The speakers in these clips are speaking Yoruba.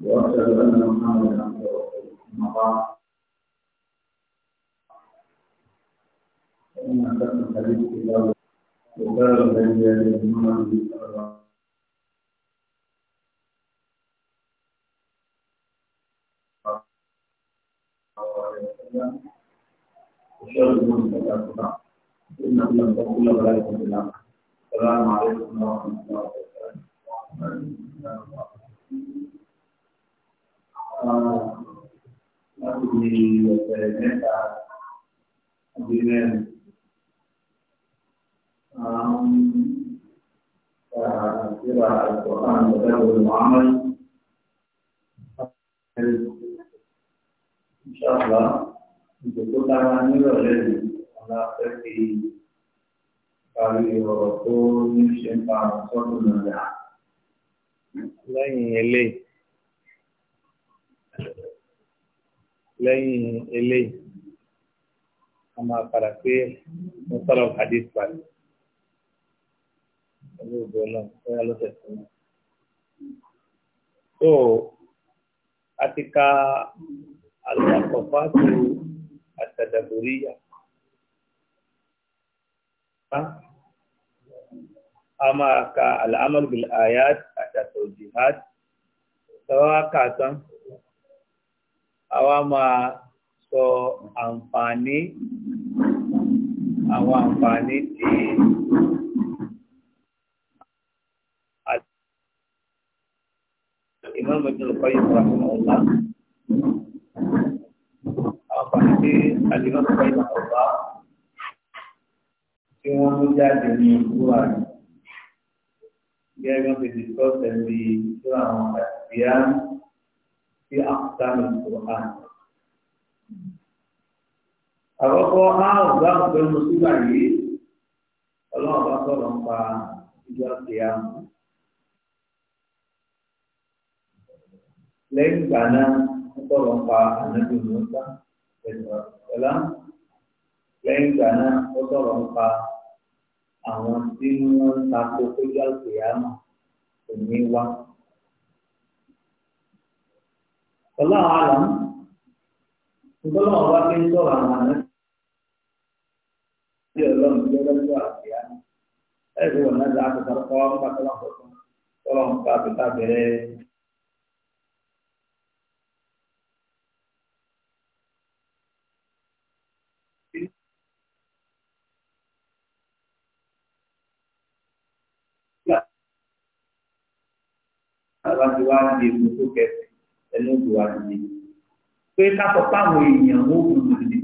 واشهد ان محمدا عبده ورسوله اما بعد فان احسن الحديث كتاب وخير الهدي هدي محمد صلى الله عليه وسلم وشر الامور محدثاتها ان كل ضلاله في النار السلام عليكم ورحمه الله وبركاته láti ní ọ̀sẹ̀ mẹ́ta àbí mẹ́rin. Àkíra ìkọ̀kan ìjọba Muhammad. Ìṣàlá ìjọba dára nírọ̀lẹ́ yìí, ọ̀la fẹ́ fi parí ọ̀rọ̀ tó ní ṣe ń pa ọ̀sọ́dún náà. Lẹ́yìn eléyìí. lẹ́yìn eléyìí a máa padà pé mo sọ̀rọ̀ hadith padà pẹ̀lú ògbó náà bóyá ló tẹ̀sí náà. so a ti ka alùpàpọ̀fáàtù àtàdàbòríyà a máa ka al'amal bil ayat àtàtòjìhad tọ́wọ́ kà tán àwa máa sọ àǹfààní àwọn àǹfààní tí Imam Ibn Qayyim rahimahullah apa sih Al-Imam rahimahullah tí wọ́n mú jáde ní ìgbúra gẹ́gẹ́ bí wọ́n ti discuss ẹ̀mí ìṣúra àwọn àti في أقسام القرآن àkọ́kọ́ áàbà pẹ̀lú sígbà yìí ọlọ́run bá sọ̀rọ̀ ń pa ìjọ kìámù lẹ́yìn ìgbà náà ń sọ̀rọ̀ ń pa ànábì mọ́tà pẹ̀lú ọ̀la lẹ́yìn ìgbà náà ó ń pa àwọn tí wọ́n ń ta kókó ìjọ kìámù kò ní wá. Wallahu alam. itu eh, Untuk Allah itu orang dia belum dia belum ya. Eh bukan ada apa terkom kalau tolong kita kita beri Kalau jual di buku ẹlẹ́gbẹ̀ẹ́ wa nìyẹn pé káfọ́ fáwọn èèyàn ó kù nìyẹn kí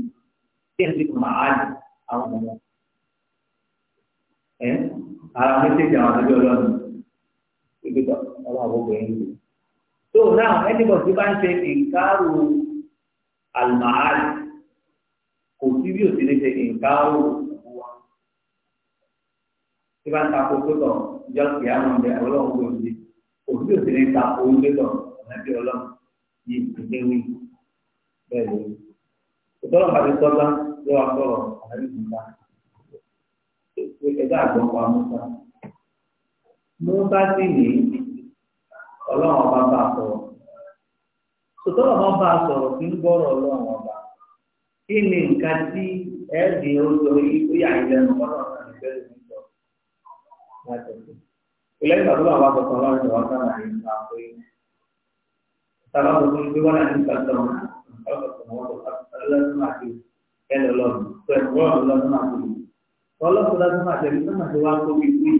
ẹ̀ ti kò máa àlè àwọn ọmọ ẹ̀ ara mẹ́tẹ̀ẹ̀jì àwọn ọ̀dọ́jọ́ ọlọ́run ibi tó ọlọ́run àbúgbò yẹn lò. so now anybody tí bá ń ṣe ìkárò àlùmáàlì kò sí bí òsì lè ṣe ìkárò òwúwa tí bá ń takò tó tọ̀ ìjọ àwọn ọ̀dẹ ọlọ́run kò sí òsì lè ta òun tó tọ̀ yìí ìpínlẹ̀ wí bẹ́ẹ̀ ló tọ́lá ló wá sọ̀rọ̀ àárín ìgbà ẹgbẹ́ àgbọ̀n pa mọ́tà mọ́tà sì ní ọlọ́run ọba bá sọ̀rọ̀ sọtọ́lọ̀ máa bá sọ̀rọ̀ kí ń gbọ́rọ̀ ọlọ́run ọba kí ni nǹkan tí yìí ó yà Salah bukan itu kan yang kita tahu. Kalau semua orang Allah semati, kan Allah, semua Allah semati. Kalau Allah semati, kita masih waktu itu.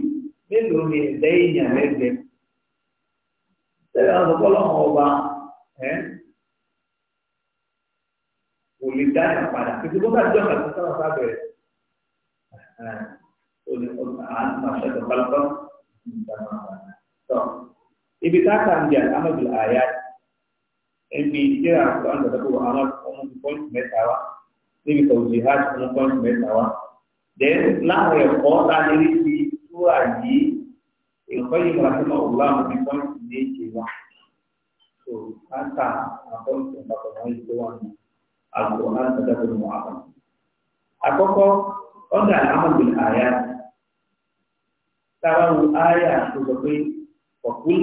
Belum ni dayanya lagi. Saya ada kalau apa, eh? Kulitan apa? Kita bukan jangan kita sahaja. Oleh Quran, masa depan pun, so, ibitakan dia amal bil ayat ẹbí iṣẹ́ àkùrá ń dàdàbò àwọn ọmọ pọ́ǹtì mẹ́ta wa níbi tó di hajj ọmọ pọ́ǹtì mẹ́ta wa. Then láwọn ẹ̀kọ́ láti rí ti túwà yìí ẹ̀kọ́ yìí mọ̀ra fún ọ̀la àwọn ọmọ pọ́ǹtì méje wa. So káta àpọ́ǹtì ọ̀pọ̀ wọn yìí tó wà ní àgọ́ láti dàdàbò ní wọn àbá. Àkọ́kọ́ ọ̀dà àmọ̀gbìn àyà táwa wo àyà tó sọ pé ọ̀pẹ́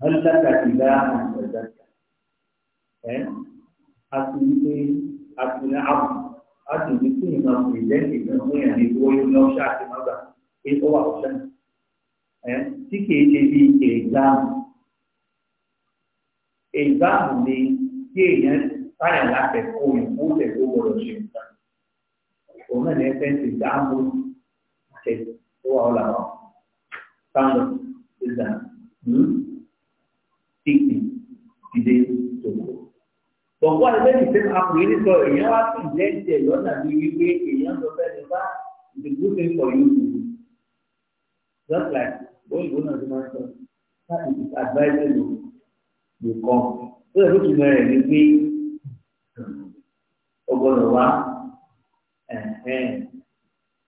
هل لك ẹ́ àti wípé àti ní àbù àti ní kí ni máa pè lẹ́yìn ìgbà fún ìyàn ní owó yóò ní ọṣẹ àti mọ́gbà pé ó wà ọṣẹ ẹ́ tí kìí ṣe bí èèdáàmù èèdáàmù ni kí èèyàn táyà láti kó ìkúlẹ̀ tó gbọdọ̀ ṣe nǹkan òun ní ẹgbẹ́ ti dáàbò ṣe tó wà ó làwọn táwọn ìgbà tìkì ìdè tòkó. Bọ̀wọ́ ẹgbẹ́ ìfẹ́ àpòyí sọ èèyàn wá sí ìlẹ́ǹtẹ̀ lọ́nà bí wípé èèyàn lọ fẹ́ lè bá the good thing for you to do. Just like bóyìnbó náà ti máa ń sọ, that is advisable you come. Ó yẹ kó tún mẹ́rẹ̀ ní pé ọgbọ́dọ̀ wá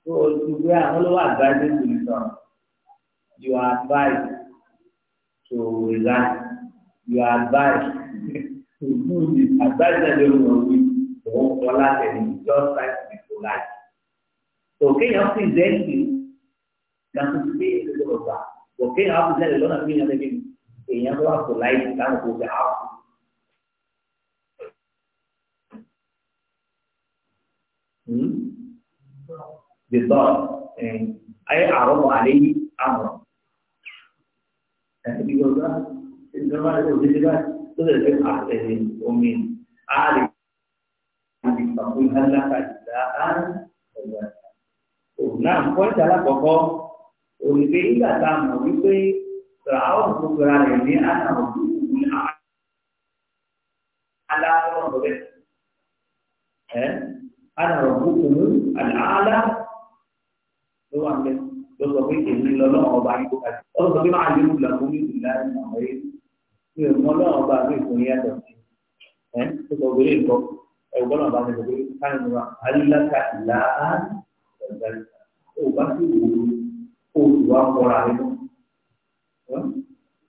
tó o ti gbé àwọn lọ́wọ́ advisable you come. You are advised to relax. You are advised. Tujuh di asalnya dia mengalami bahwa pola dari just like before life. So, okay, yang present ini, yang seperti itu berubah. Okay, apa saja dalam ini ada ini, ini yang berubah for life, kita berubah apa? Hmm? بالضرب أي أعرض عليه أمرا. هذه الجوزاء إنما الجوزاء tó lè fi àtẹ̀lé omi àárẹ̀ àti ìpàkó ìhálàkà ìdá àárẹ̀ ọ̀gbà. òun náà kọ́ ìjà alákọ̀ọ́kọ́ òrùlé ìgbà tá a mọ̀ wípé ràáwọ̀ tó gbéra rẹ̀ ní àná òdúró ní aláwọ̀ rẹ̀ ẹ́ àná òdúró àlàálá ló wà ń bẹ ló sọ pé èmi lọ́lọ́run ọba yìí kó kàdé ó sọ pé máa lérò làkúnmí ìlú láì mọ̀ ẹ́ mi ò mọ lọ́wọ́ bá mi ìfún yàtọ̀ sí ẹ tó sọ gbélé nǹkan ẹ gbọ́dọ̀ bá mi gbélé káyọ̀ nípa alíláka ìlà á ẹ̀gbẹ́ ò bá sì wò ó oṣù wa kọ́ra rẹ mọ́.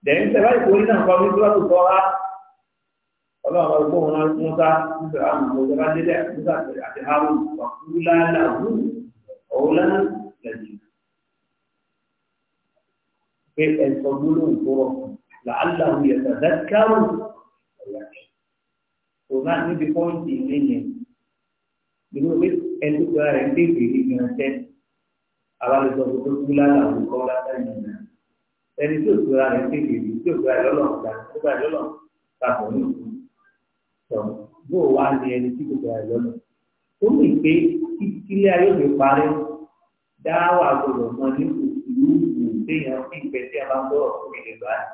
dẹ̀yìn sẹ́fà ìkórè náà kọ́ mi tó bá tó sọ ọ́ ọlọ́run ọgbọ́ wọn náà wọ́n sá nígbà àwọn ọ̀gá délẹ̀ nígbà àti harun wàkúlá làwù ọ̀ọ́lá lẹ́yìn. pé ẹ̀sọ́ gbólóhùn tó rọ̀ fún làálàáwò yẹ̀sàdá káwò ọ̀yà rẹ̀. kò náà níbi pọ́ǹtì ilé yẹn nínú pé ẹni tó gba rẹ̀ ń tètè rí gan tẹ́ abalùsọ tó tó kú lálàáwò kọ́ látàrí nà ẹni tó gba rẹ̀ ń tètè rí tó gba rẹ̀ lọ́lọ́ gbà tó gba rẹ̀ lọ́lọ́ tàbọ̀ ní ìlú tọ̀ bó wà ní ẹni tí kò gba rẹ̀ lọ́lọ́ tó mì pé ilé ayé mi parí dáwà gbọdọ̀ mọ ní òkú ìlú ìgbésẹ̀ àbámbọ̀ òkú ìlú báyìí.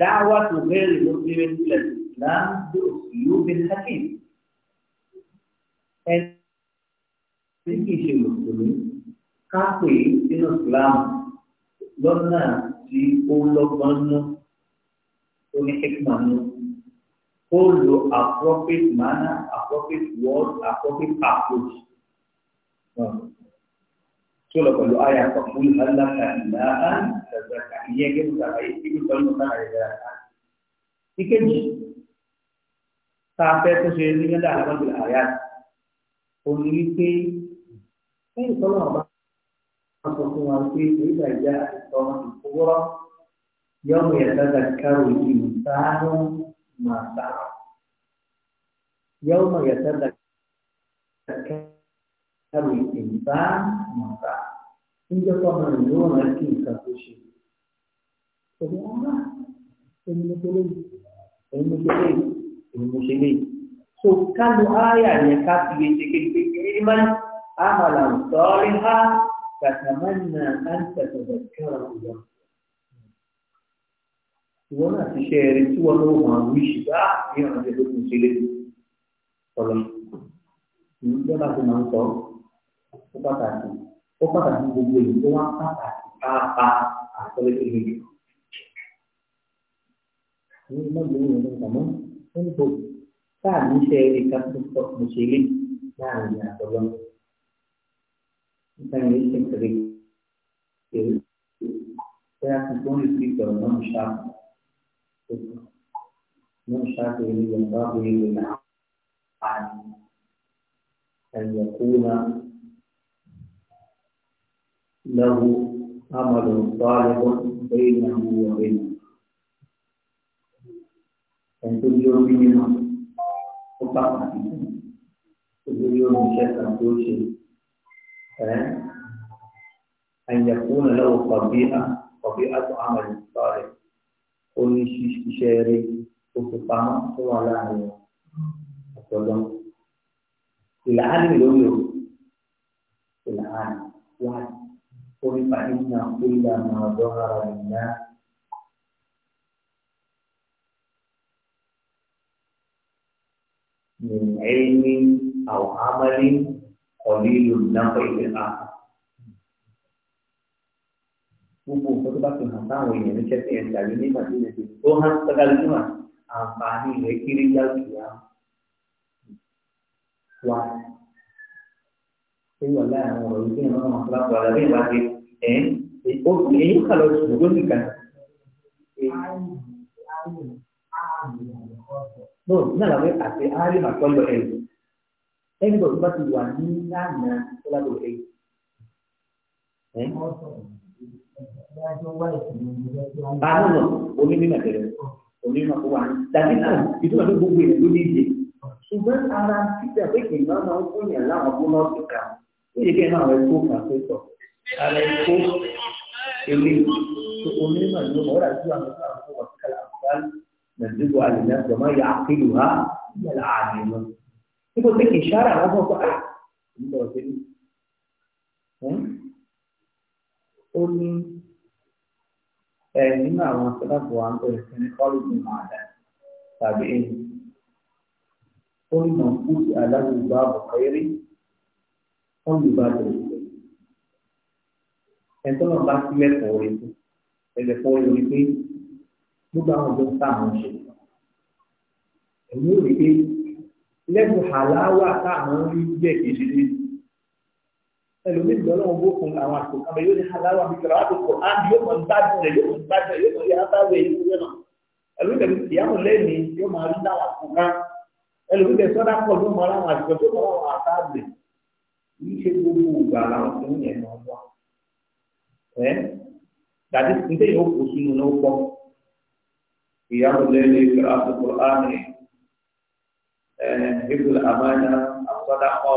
دعوة غير مسلم إلى الإسلام بأسلوب حكيم ẹni kì í ṣe mùsùlùmí ká pè é nínú ìsìláàmù lọ́nà tí ó lọ́gbọ́n nú tó ní nú ó lo appropriate manner appropriate word appropriate approach. Solo con lo haya muy alta calidad, la cajilla que nos haga y que todo nos haga llegar. Y que sabe que se le da la mano de la haya. Un límite, en todo va. Afortunadamente, ella ya toma su cubro. Yo voy a sacar el insano matado. Yo voy a sacar الإنسان مطاع níjọ́ tó ọmọ rẹ̀ yóò rán kí nǹkan tó ṣe. Ṣèlú ọ̀la ẹni So kálu ááyà yẹn ká fi lè ṣe kékeré ní máa àmàlà sọ́ọ́rí há kàtàmánà àǹtẹ̀tẹ̀tẹ̀ kára ìyá. Ìwọ náà ti ṣe eré tí wọ́n lọ́wọ́ máa wí ṣùgbọ́n àbí ọ̀rọ̀ ó pàtàkì gbogbo èyí tó wá pàtàkì pàápàá àtọ́lé tó lè jù. ní mọ́jú ní ọdún tàmọ́ ó ń bò táà ní iṣẹ́ eré ká tó sọ mo ṣe lé láàrin àtọ́lọ́. nípa ìwé ṣe kéré kéré bóyá kí wọ́n lè fi ìtọ̀rọ̀ náà ṣáàpù náà ṣáàpù ìlú yorùbá bóyá ìlú náà àti ẹ̀yọ̀kú náà. له عمل صالح بينه وبينه dan tujuh minimal empat hati tujuh masyarakat tujuh أن يكون له طبيعة طبيعة عمل صالح كل شيء شيء وسبحانه هو لا هو العالم الأولى العالم واحد قل فإن كل ما ظهر لله من علم أو عمل قليل النفع في الآخر gbogbo nǹkan tó bá fi hàn sáwọn èèyàn ní kẹsì ẹ̀ tàbí ní màdínlẹ̀ tó hàn sọ́gàlùmọ̀ àǹfààní rẹ̀ kéré jáde wá pé wà láàrin ọ̀rọ̀ yìí kí ẹ̀rọ àwọn ọ̀pọ̀lọpọ̀ àlàbí ìwà pé ẹ̀ èyí kà lọ sùn ló nìkan. no náà làwọn àti ari màtọ́ lọ ẹ̀rù ẹni bọ̀ tó bá ti wà ní lánàá tó lábọ̀ ẹ̀rù. Ah, no, no, omi mímọ̀ tẹ̀lé, omi mímọ̀ kó wà ní. Dàbí náà, ìtumọ̀ tó gbogbo ìlú ní ìdè. Ṣùgbọ́n ara títà pé kì í máa máa ń fún yàn láwọn bó náà ti kà ó yẹ kí ẹ máa rẹ kó kà pé tọ̀ ara ẹ̀kọ́ èlé onímọ̀ ló mọ̀ ọ́ dàbí àwọn ọmọ àwọn ọmọ kíkà àbúrò nàìjíríà àlùmọ́ ìjọba yà á kéwì wá ìyàlá àmì lọ. níbo pé kì í ṣára àwọn ọmọ pàà nígbà ọ̀sẹ̀ ni. ó ní ẹ nínú àwọn akẹ́kọ̀ọ́ wa ń bẹ̀rẹ̀ sí ní kọ́lùjì máa dà tàbí ẹ̀yìn. ó ní mọ̀ fún aláwùjọ àbùkọ́ eré olùbàdàn ẹ̀tọ́ náà bá sílẹ̀ kọ orin fún ẹgbẹ́ fọ orin pé gbogbo àwọn ọdún tá à ń ṣe èmi ò rí pé lẹ́gùn àláwà tá à ń rí bẹ́ẹ̀ kì í ṣe ní ẹlòmíì ìgbà náà wọ́n fún àwọn àtòkà bẹ́ẹ̀ yóò ní àláwà mi kìlọ̀ láti kọ̀ áàbì yóò mọ̀ gbádùn rẹ̀ yóò mọ̀ gbádùn rẹ̀ yóò mọ̀ yàrá táwọn èyí tó yẹn náà ẹlòmíì ìgbà ìyàwó lẹ́yìn yóò máa rí láwọn àtòkà ẹlòmíì ìgbà sọ́dá pọ̀ yóò mọ̀ láwọn àtòkà tó mọ̀ kìí ṣe gbogbo ìgbà làwọn tó ń yẹn náà wà ẹ dàdí níta yóò kó sínú náà pọ ìyàwó lẹ́lẹ́ ìfẹ́ra àtúntò àmì ẹ̀ ẹ̀ẹ́dẹ́gbẹ̀l àmàlà àtọ́dàkọ́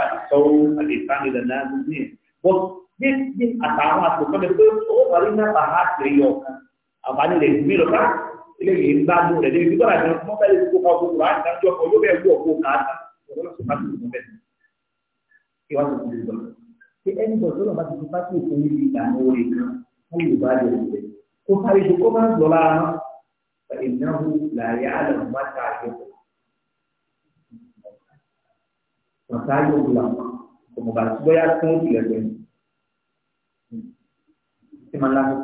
àtọ́wò àti ìfàmìlẹ̀ náà ló ní ẹ̀ bọ́ bí bí àtàwọn àtòkọ́ mi pé ó wà ní náà bàá àtẹ̀ yọ àbálẹ̀ rẹ̀ gbé lọ́ta eléyìí ń bá mú rẹ̀ débi bí bọ́lá ìjọba mọ́tàlẹ́sì kó kọ́ ọkọ̀ kúrò àti ìdájọ́ ọkọ̀ yóò bẹ̀ wú ọkọ̀ kàá kí wọ́n ti lè lọ. Ṣé ẹni bọ̀ tó lọ bá ti fi pátí òfin níbi ìdáná orin kan fún Yorùbá lè rẹ̀? Kó sáré ṣe kó máa ń lọ lára wọn. Ìnáwó làyà àlọ́ máa ta àjẹpọ̀. Màtá yóò gbà ọmọba tí bóyá tí wọ́n tilẹ̀ lọ yìí. Ṣé máa lánàá?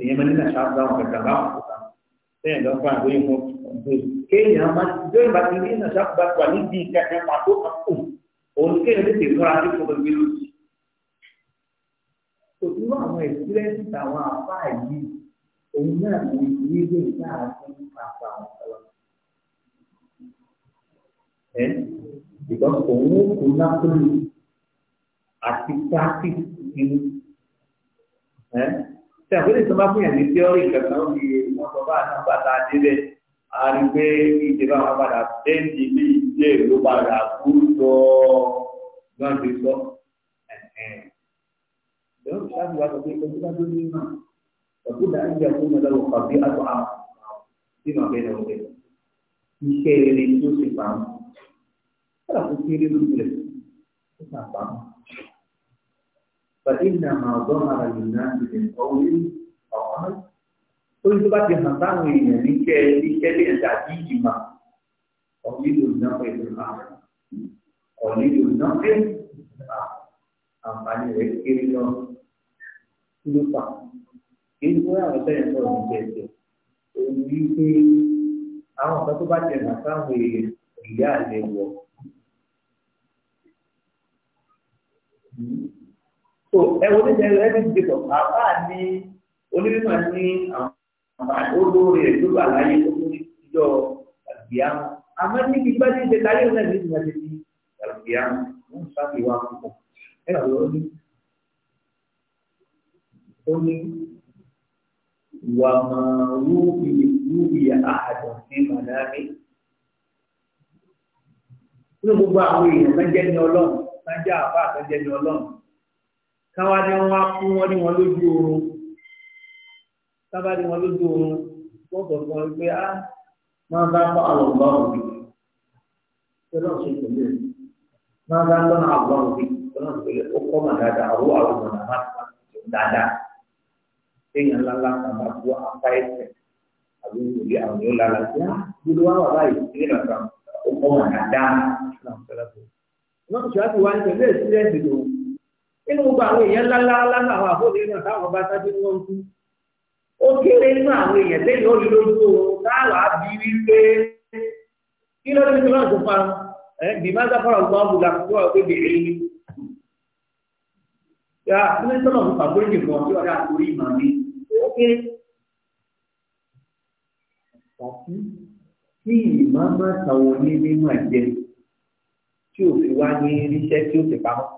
Èyí máa ní nàṣà àgbà wọn kẹ̀kẹ́ bá wọn Ṣé ẹ̀dọ́ fún àgbóyè fún kéèyàn máa ti bẹ́ẹ̀ bá ti ní ìnàṣà gba wà níbi ìkẹkẹ pàtó pàtó òun kéèyàn tètè lọ́ra ní kò gbé lójì. òtún àwọn ẹ̀sìrẹ́sì àwọn àbá yìí òun náà ní ìdílé ìta àti pàpà àwọn ẹ ìgbà òun ó kó nápólì àti táàkì ìlú. ẹ tí àgbélé tó fún yàn ní tíọ́rì kankan ó di wọn sọ bá àtàkùn àtàkùn àdébẹ̀ a rí pé ìjọba wọn padà bẹ́ẹ̀ni ilé ìjẹ́ ló padà kú sọ náà ti sọ. Ìjọba ìṣáájú wa sọ pé ojú bá tó ní mà ọ̀gbọ́n dàá jẹ́ fún mi lọ́wọ́ kàbí àtọ̀ àwọn tí màá bẹ́ẹ̀ lọ́wọ́ bẹ́ẹ̀. Iṣẹ́ eré sì bá wọn. kò sí eré lójú rẹ̀ ó sà bá Bàdé ìnà màá ara lè ná ìdè ọ̀hún ọ̀hún ó ní tó bá ti hàn sáwọn èèyàn ní kẹ́ ní kẹ́lẹ́ ẹ̀dá bí ìmà ọ̀nílò náà pẹ̀lú àwọn ọ̀nílò náà pẹ̀lú àǹfààní rẹ̀ kéré lọ kí ló fà kí ló wá àwọn bẹ́ẹ̀ sọ̀rọ̀ ní bẹ́ẹ̀ òun ní pé àwọn kan tó bá ti hàn sáwọn èèyàn ìyá àlẹ́ wọ̀ ẹ wo ní ìṣẹ̀lẹ̀ ẹ ti dìbò àbá ní onímọ̀ ní àwọn olórí rẹ̀ tó bá láyé tó tún jọ àgbéyà àmọ́ níbi bá ti ṣe láyé náà ní ìgbà títí àgbéyà wọ́n ń sáfì wá púpọ̀ ẹ rà lọ ní. ó ní wà máa rúbi rúbi àhàdàn sí màdámi. ní gbogbo àwọn èèyàn máa ń jẹ́ ní ọlọ́run máa ń jẹ́ àbá àtọ́jẹ́ ní ọlọ́run káwá ni wọ́n á kú wọ́n ní wọn lójú oorun sábà ní wọn lójú oorun wọn sọ fún ọ pé á máa bá bá àwọn ọba òbí ṣe náà ṣe pẹ̀lú ẹ máa bá lọ́nà àwọn òbí ṣe náà pẹ̀lú ó kọ́ mà dáadáa àwọn àwọn ọ̀nà máa ti máa ti dáadáa èèyàn lálá kan máa bu apá ẹsẹ̀ àbí òbí àwọn yóò lálá sí á gbogbo wa wà báyìí ṣe é lọ́sàn ó kọ́ mà dáadáa náà ṣẹlẹ̀ bò. wọ́n ti wá ní pẹ̀lú ẹ̀sìn ẹ̀sìn inú gbogbo àwọn èèyàn lálá ó kéré nínú àwọn èèyàn lẹ́yìn orí lójú táwà bí wípé kí ló ní kílọ̀ tó fún ẹ bí má dáfọ́rọ̀ gbọ́ ọ́n bùlà tó wà pé bèrè ni. yà á ní sọ́nà fún pàtórí nìkan tí wọ́n dá àtórí ìmọ̀ mi ó kéré. Tàbí kí ìmọ̀ máa tàwọn onílé máa jẹ tí ò fi wá ní iṣẹ́ tí ó ti pamọ́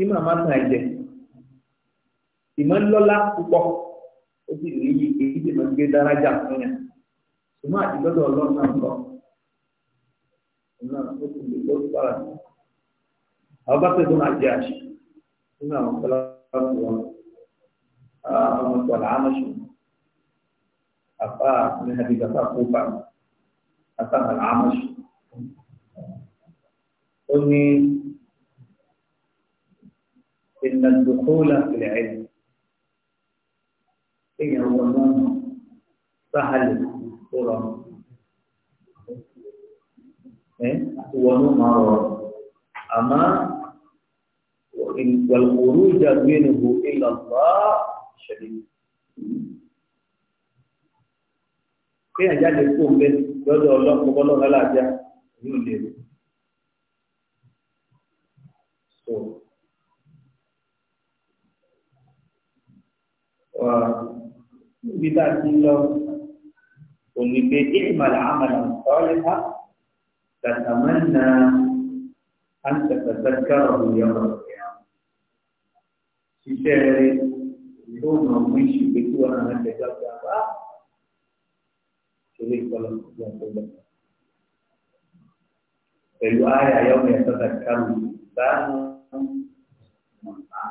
tí màmá tàn ẹ̀jẹ̀ ìmọ̀ ńlọ́lá púpọ̀ ó sì rí yìí èyí tí mo gbé dárájà fún yàn ṣùgbọ́n àti gbọ́dọ̀ ọlọ́run náà lọ náà ó sì lè lọ́ọ́ sára sí àwọn bá pẹ̀lú máa jẹ àṣì nínú àwọn fọlọ́ọ̀tì wọn àwọn ìpàdé àmọ́ṣù àpá ní àdìgbà tá a kó bá àtàkùn àmọ́ṣù ó ní. إن الدخول في العلم إن الظنون سهل قرى ونو مرة أما والخروج منه إلى الله شديد kéèyàn jáde kó o bẹ lọ́dọ̀ ọlọ́pọ̀ ọlọ́pàá láàjà yóò nígbà tí lọ ònígbé ìmàlà àmàlà ọ̀lẹ́fà tàtàmánà àǹtàtàtàkà òyà ọ̀rẹ́yà ṣiṣẹ́ rẹ yóò mọ̀ mú ìṣègbè tí wọn àwọn ẹgbẹ́ gbàgbà bá ṣeré ìkọlọ̀ ìgbà tó lọ. pẹ̀lú ayé ayọ́mọ̀ ẹ̀sọ́ tàkàlù bá ń mọ̀ náà.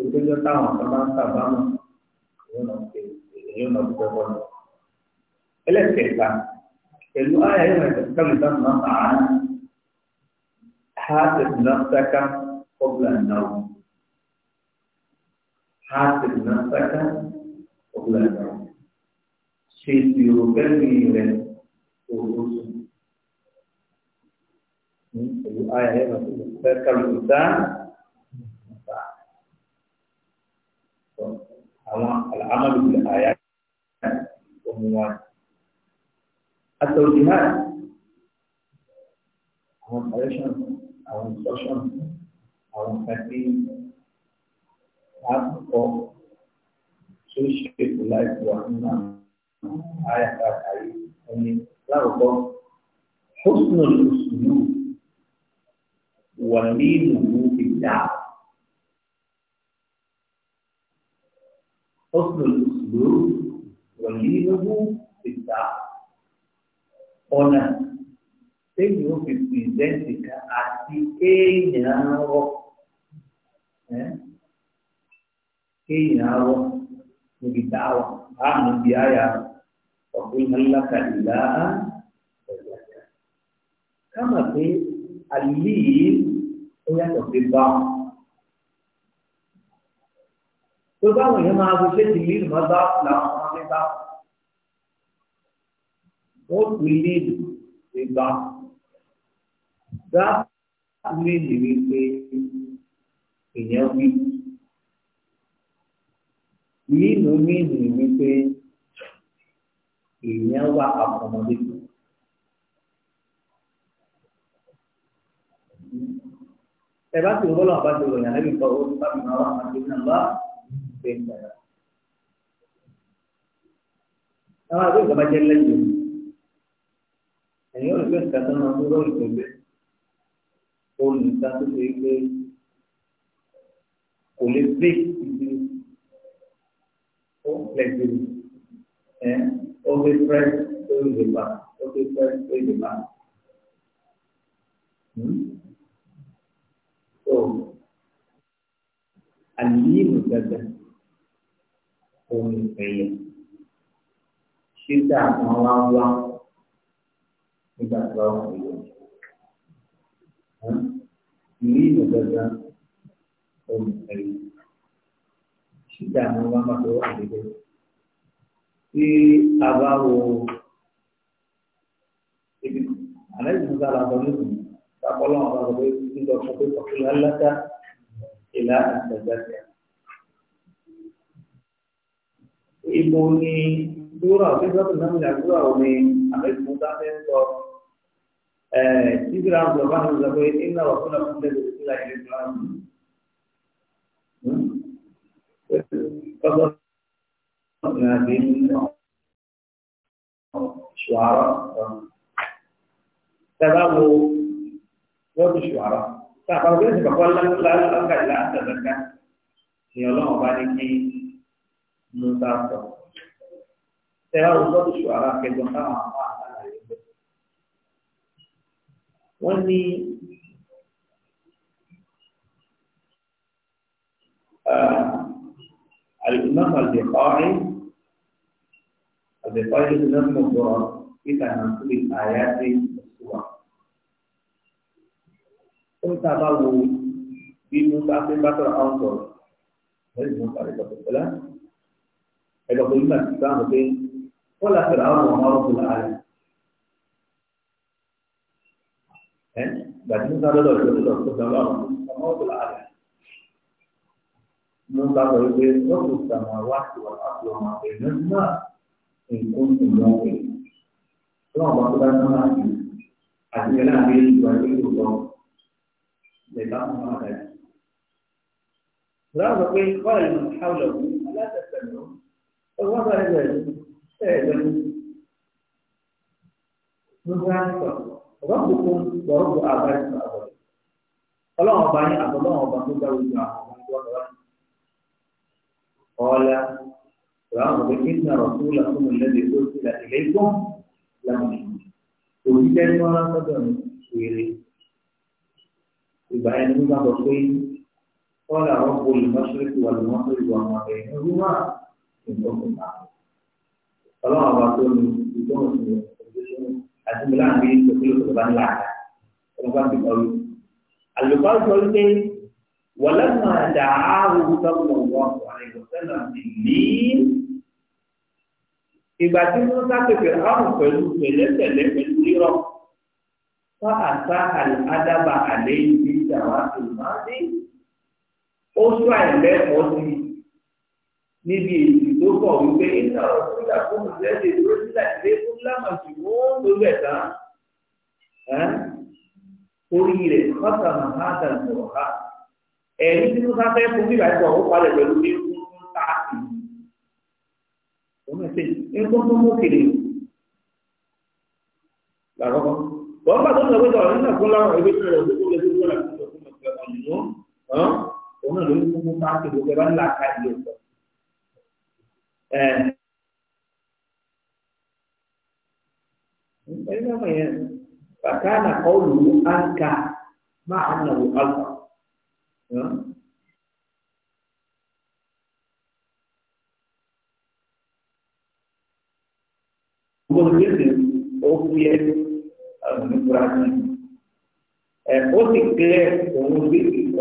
ojúlọ táwọn kan bá ń sàbámọ̀ èèyàn náà ti bọ́ bọ́ọ̀lù. ẹlẹ́kẹ̀ẹ́ta pẹ̀lú ayé ẹ̀yọ́ ẹ̀sẹ̀ kẹ́lùdá máa ń àárá háàtì nàṣàkà ọ̀gbìnà náà háàtì nàṣàkà ọ̀gbìnà náà ṣe ìṣirò bẹ́ẹ̀ni rẹ̀ òwúrọ̀ hmm, pẹ̀lú ayé ẹ̀yọ́ ẹ̀sẹ̀ kẹ́lùdá. àwọn àmàlù bí àyà ọmọ wa àtọ̀jù náà àwọn correction àwọn instruction àwọn kàtí àkọ́kọ́ tó ṣe ètò láìpẹ́ wà nínú àyà kàkàrí ẹni láwùjọ hosnul usulu wà nínú ìdáàbò. حسن الأسلوب ولينه في الدعوة ọ̀nà téèyàn ó fi pìrìsẹ́ǹtì kan àti kéèyàn rọ kéèyàn rọ níbi dáwà láàmú bí àyà ọ̀gbìn aláka ìlà ẹ̀yàkà ká mà pé tó báwọn èèyàn máa ṣe ṣéèkì lílù mọ́ bá làwọn ọmọ mi bá wọ́n pè lílù ṣe bá bá lílù rí pé èèyàn wí lílù lílù rí pé èèyàn wà àkọmọdé kan. ẹ bá ti wọ́n lọ́wọ́ bá ti ròyìn àlẹ́ mi kọ́ ti máa wà àti náà bẹ́ẹ̀ àwọn àgbẹ̀ ìjọba jẹ́ lẹ́yìn ẹ̀yìn olùgbé nǹkan tó máa ń rọ ìgbẹ́gbẹ́ olùgbà tó ṣe é pé kò lè dé ibi ó lẹ́gbẹ̀ẹ́ ẹ̀ ó fi fẹ́ lórí ìgbà ó fi fẹ́ lórí ìgbà. So, àlìyé ìgbàgbà ohun ìpìlẹ̀ ṣídà kan wá wá nígbà tó wà wọ̀nyí hm? ìrí ìdọ̀gbẹ́gbẹ́ ohun ìpìlẹ̀ ṣídà kan wá pàtó wà níbẹ̀ tí a bá wo ibi àlẹ́ ìdúgbà làbọ̀ lónìí sábọ́lọ́wọ́n bá wọlé nígbà tó pé kọ́kílá lẹ́tà ìlà ìdọ̀gbẹ́gbẹ́. ibo ni dúró tí sọ́tù náà ń gbàdúrà omi àmẹ́sìmọ́ bá fẹ́ sọ ìdíra ń sọ̀rọ̀ bá ń sọ pé iná ọ̀tún náà fún lẹ́sẹ̀ sí láyé ìdíra ń sọ̀rọ̀. ọ̀gbìn àti ṣùwárọ̀ tẹ́lá wo wọ́n ti ṣùwárọ̀ tàbí àwọn ọ̀gbìn ìsìnkú ọ̀pọ̀ ńlá ńlá ńlá ńlá ńlá ìyẹn ọlọ́run bá ní kí. Musa sọ. Tẹ́lá òótọ́ tó ṣù ara kẹjọ káwọn àwọn àtàlàyé bẹ̀. Wọ́n ní الإمام البخاري البخاري لم يذكر في تناول الآيات والسور. Ó sábà wo bí Musa fi ń bá tọ̀rọ̀ àwọn sọ̀rọ̀ lórí Musa àlejò tó tẹ̀lé. ẹ̀dọ̀ pé nígbà tí sáà pé wọ́n là fẹ́ràn àwọn ọmọ ọ̀rọ̀ fún ààrẹ. ẹ̀ gbà tí musa lọ́dọ̀ ìjọba lọ sí ọ̀dọ̀ ọ̀rọ̀ ọmọ ọ̀rọ̀ ààrẹ. musa sọ wípé wọ́n kò sàmà wá sí wàhálà tó wà pé nígbà nǹkan tó lọ pé wọ́n wà tó bá tó máa jù àti ẹ̀rọ àbí ìgbà tó tó lọ lè bá wọn máa rẹ̀. Láwọn sọ pé wọ́n lè máa ṣáwọ́ lọ́wọ́ Ọwọ́ bẹ̀rẹ̀ bẹ̀rẹ̀ bẹ́ẹ̀ lẹ́nu. Gbogbo àìsàn, ọ̀gá gbogbo lọ́rọ̀ bọ̀ àbá ìsìn àbọ̀. Ọlọ́run ọba yín àtọ̀lọ́run ọba tó dá gbogbo àwọn ọmọ ìwọ́n lọ́wọ́. Ọ̀la ìwàhùn pé kí ní ọ̀rọ̀ tó là fún mi lẹ́nu èso sí ilà ilé gbọ́n lánàá. Òbí tẹ́ ní wọ́n sọ́dọ̀ ní wèrè. Ìgbà yẹn ni wọ́n bá pé ọ̀la àwọn olùmọ̀ṣẹ́rẹ́ ìtọ́kùn náà. ọlọ́run ọba tó ní ìtọ́kùn sí àti mi láàrin ní ìtọ́kùn yóò tọ́ba ńlá àdá ọmọ bá ti kọ́lu. àlùkò sọ wípé wọlẹ́mọ̀ àdá àrùn tọ́kùn wọn àìlọ́sẹ́nà sì ní. ìgbà tí wọ́n sáfẹ̀fẹ̀ àrùn pẹ̀lú pẹ̀lẹ́pẹ̀lẹ́ pẹ̀lú rírọ̀ fáàtà àdábà ló kọ̀ wípé iná ọ̀sùnlá fún ìrẹ́lẹ̀ tó sílẹ̀ ilé fún lámàtì wọ́n ló bẹ̀ tán. Orí rẹ̀ kọ́tà màmáta ní ọ̀ha. Ẹ̀rí tí Musa fẹ́ fún bíbá ìtọ̀ ó palẹ̀ pẹ̀lú bí fún táàkì. Wọ́n mẹ́sẹ̀ ń tó tó mú kiri. Làkọ́kọ́. Wọ́n bá tó ń sọ̀rọ̀ sọ̀rọ̀ nínú ìfún láwọn ẹgbẹ́ tó lọ tó ẹni ọmọ yẹn bàtà nà ọlù ànkà má ànà wò alfa gbogbo gbèsè òkú yẹ nígbà tí ẹ ó sì kílẹ̀ òun gbèsè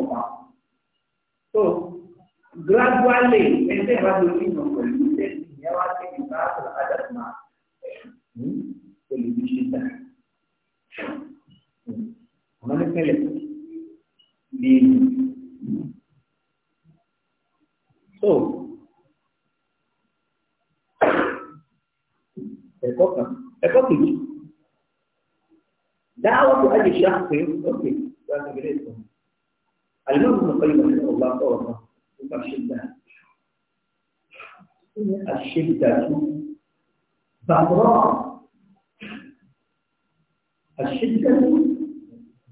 gradually ẹgbẹ́ wa ló ní ìmọ̀ pẹ̀lú ẹgbẹ́ ìyá wa ti di bá àtọ̀ pẹ̀lú ìṣe dà. Àwọn onípẹ̀lẹ̀ ní So, ẹ̀kọ́ kan, ẹ̀kọ́ kejì. دعوة أهل الشخص أوكي، ده غير الإسلام. المهم القيم رحمه الله صلى الله عليه الشدة الشدة الشدة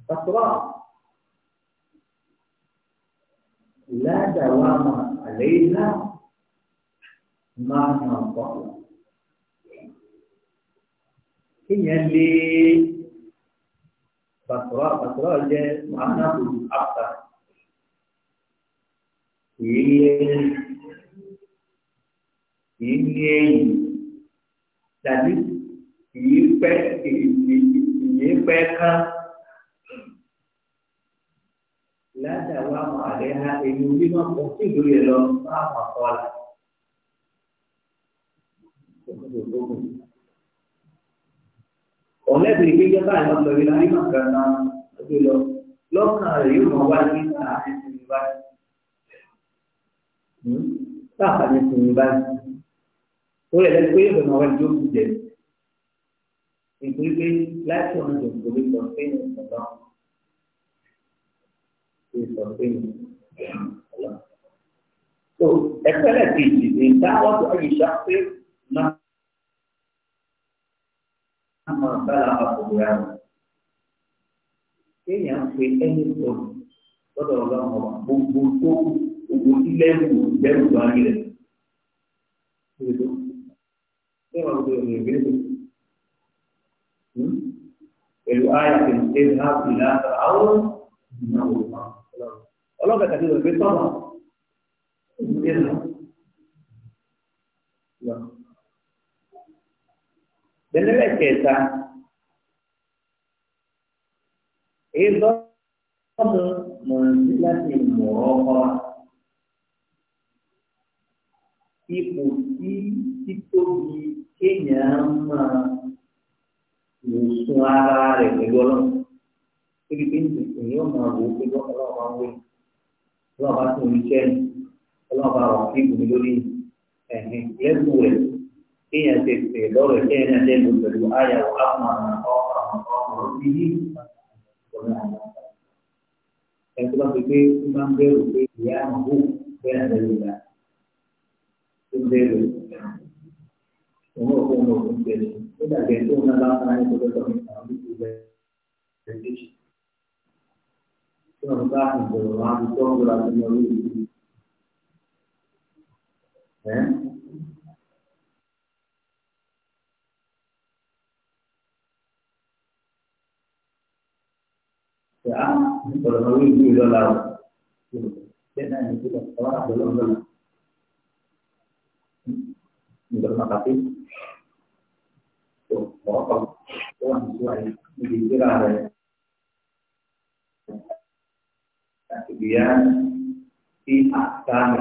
بطراء لا دوام عليها معنى طائل هي اللي بطراء بطراء معنى أكثر kìí lẹ́yìn kìí lẹ́yìn tàbí kìí pẹ́ kìí pẹ́ kán ládàá àwọn àlẹ́ ha èyí orí máa pọ̀ sí ìlú yẹn lọ máa mọ̀ kọ́ la. ọ̀lẹ́bìrì gbégbé báyìí lọ́sọ̀rọ̀ ìlànà ìmọ̀ kan náà lọ́kàn rẹ̀ yóò mọ̀ wá ní àárín ìlú báyìí táàpá ní sinmi báyìí torí ẹ̀ lẹ́nu pé yóò fẹ́ràn ọ̀rẹ́ tó kù jẹ nítorí pé láti ọ̀nà tó kò lè sọ pé ní ọ̀dọ́ lè sọ pé ní ọ̀dọ́. so ẹ̀kọ́ ẹlẹ́kejì ní dáwọ́ tó ayé ṣáfẹ́ náà àmọ́ bẹ́ẹ̀ àpapọ̀ rẹ̀ rẹ̀ kéèyàn pe ẹni sọ̀rọ̀ lọ́dọ̀ ọlọ́run ọba gbogbo tó kù òwò sí lẹ́rù lẹ́rù tó á nílẹ̀. Pẹ̀lú ayà pẹ̀lú ẹ̀rù láti láta àwọn ìnáwó ọlọ́pàá kàdé lọ pé tọ́lá ẹ̀rù Bẹ́lẹ́lẹ̀ kẹta, èyí lọ́mọ mọ̀ọ́sí láti mọ̀ọ́ kọ́ra ipò tí títóbi kéèyàn máa wòsàn ara rẹ̀ pẹ̀lú ọlọ́run torí pé nìkan yóò máa wò ó pé ọlọ́run máa ń wé ọlọ́run bá tún oníṣẹ́ ni ọlọ́run bá wà fún ìgbìmọ̀ lórí ẹ̀hìn lẹ́kù rẹ̀ kéèyàn ti pè lọ́rọ̀ ẹ̀ kéèyàn lẹ́nu pẹ̀lú ayàwó àmọ̀ ọ̀pọ̀ ọ̀pọ̀ ìdí ọ̀nà àná ẹ̀ tó bá ti pé ó máa ń bẹ̀rù pé ìyá àmọ̀ bò bẹ́ẹ̀ lẹ́yìn náà tó bẹ̀rẹ̀ òun ò fún òun òun bẹ̀rẹ̀ ó dàgbẹ́ tó ń bá fún ayé tó lọ́dọ̀ àwọn tó bẹ̀rẹ̀ méjì tí wọ́n bá fún ìbọ̀rọ̀ wọn á fi tọ́ ń gbọ́ra fún ọlọ́run yìí. Ya, kalau mau ibu lala, dia Kena ibu kita orang belum lala. Terima kasih. Tuh, Tuhan, Tuhan, ya. Nah, kemudian, di akan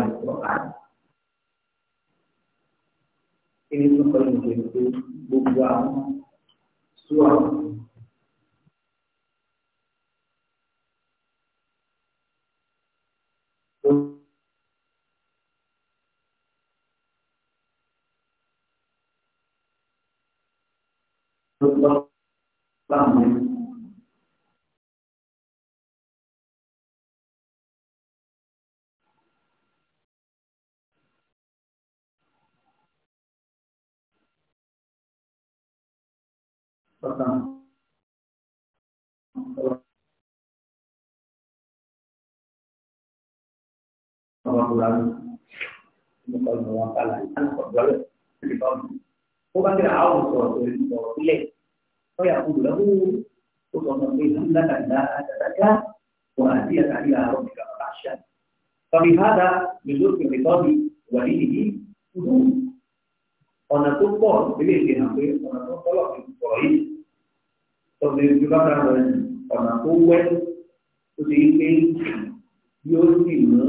Ini sumber itu bukan suara tó lọ bá mi. Thank you. Bukan tidak tahu soal soal soal فيقول له وصلنا به لك لا أتتك وأهديك إلى ربك فخشى فبهذا بزرق الخطاب وليه هدوء ọ̀nà tó pọ̀ ilé ìdè hàn pé ọ̀nà tó tọ́lọ̀ fi pọ̀ yìí tọ́lọ̀ fi bá bá rẹ̀ ọ̀nà tó wẹ́ tó ti pé yóò sì mú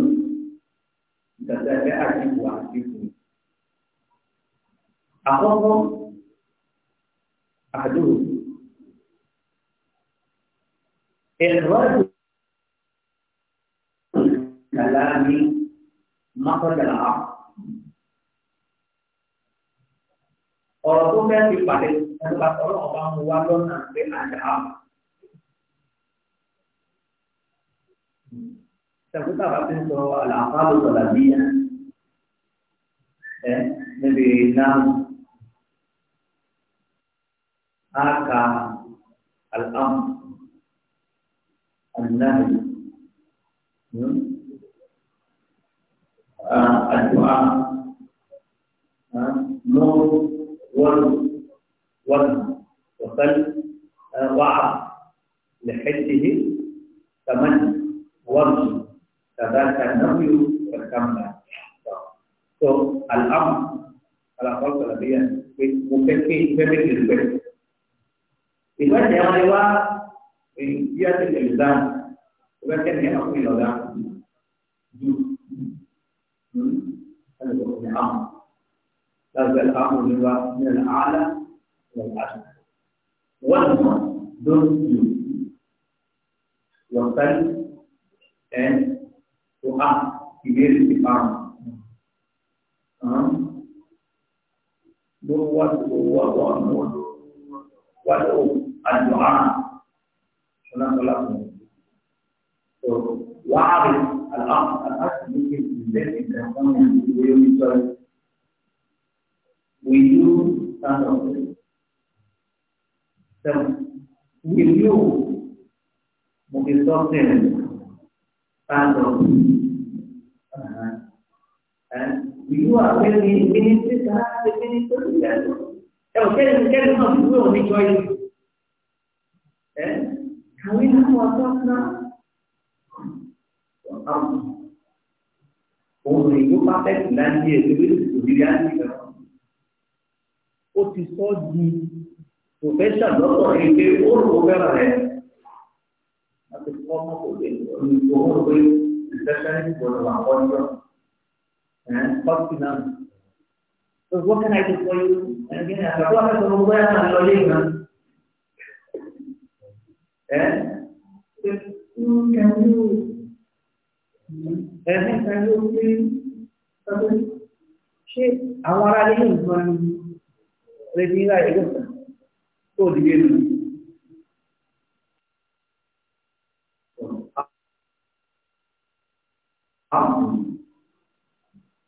ìdàgbàsókè àti ìwà àti ìwà. àkọ́kọ́ àdúró الرجل كلام مخرج العقل ọ̀rọ̀ tó fẹ́ fi pàdé nípa ọ̀rọ̀ ọba mu wá lọ́nà pé àjà á. Ṣàkóso àbá ti ń sọ àlàáfà ló sọ làbí yẹn. Ẹ níbi náà النهي الدعاء نور ورد ورد وقلب وعى لحسه تمن ورد كذلك النفي والكمل So al-am, al-afal salafiyah, mungkin kita berpikir. Ibarat yang lewat قياس الإلزام وكان كان هي أقوى لولا الحكم الأمر لازم الأمر من الأعلى إلى الأسفل والمر دون يو وقل and وقع كبير الاتفاق هو هو هو هو الدعاء So ونقلهم وعرض الأرض الأصل يمكن ذلك كمان ويوم الثالث will you stand up for it? So, will you mungkin something stand up? Uh-huh. And you are really minister, minister, minister. Oh, can you can you not do any choice? كوينا وصفنا وأرض Òun ìlú pápẹ́tì láńdí ètò ìlú ìlú àdìgbà. Ó ti sọ di pòfẹ́sà lọ́tọ̀ ní pé ó rò bẹ́ẹ̀ rẹ̀. Àti kọ́ ọmọ kò lè olùkọ́ ó pé ìfẹ́sẹ̀rẹ́ gbọ́dọ̀ wà kọ́jọ́. Kọ́sìnà. So what can I do for you? Ẹ̀gbìn àgbàdo àfẹ́sọ̀rọ̀ gbọ́dọ̀ àlọ́ lé ìgbà é não quero é não quero que sabe que agora ali não vai ele vai ele todo dia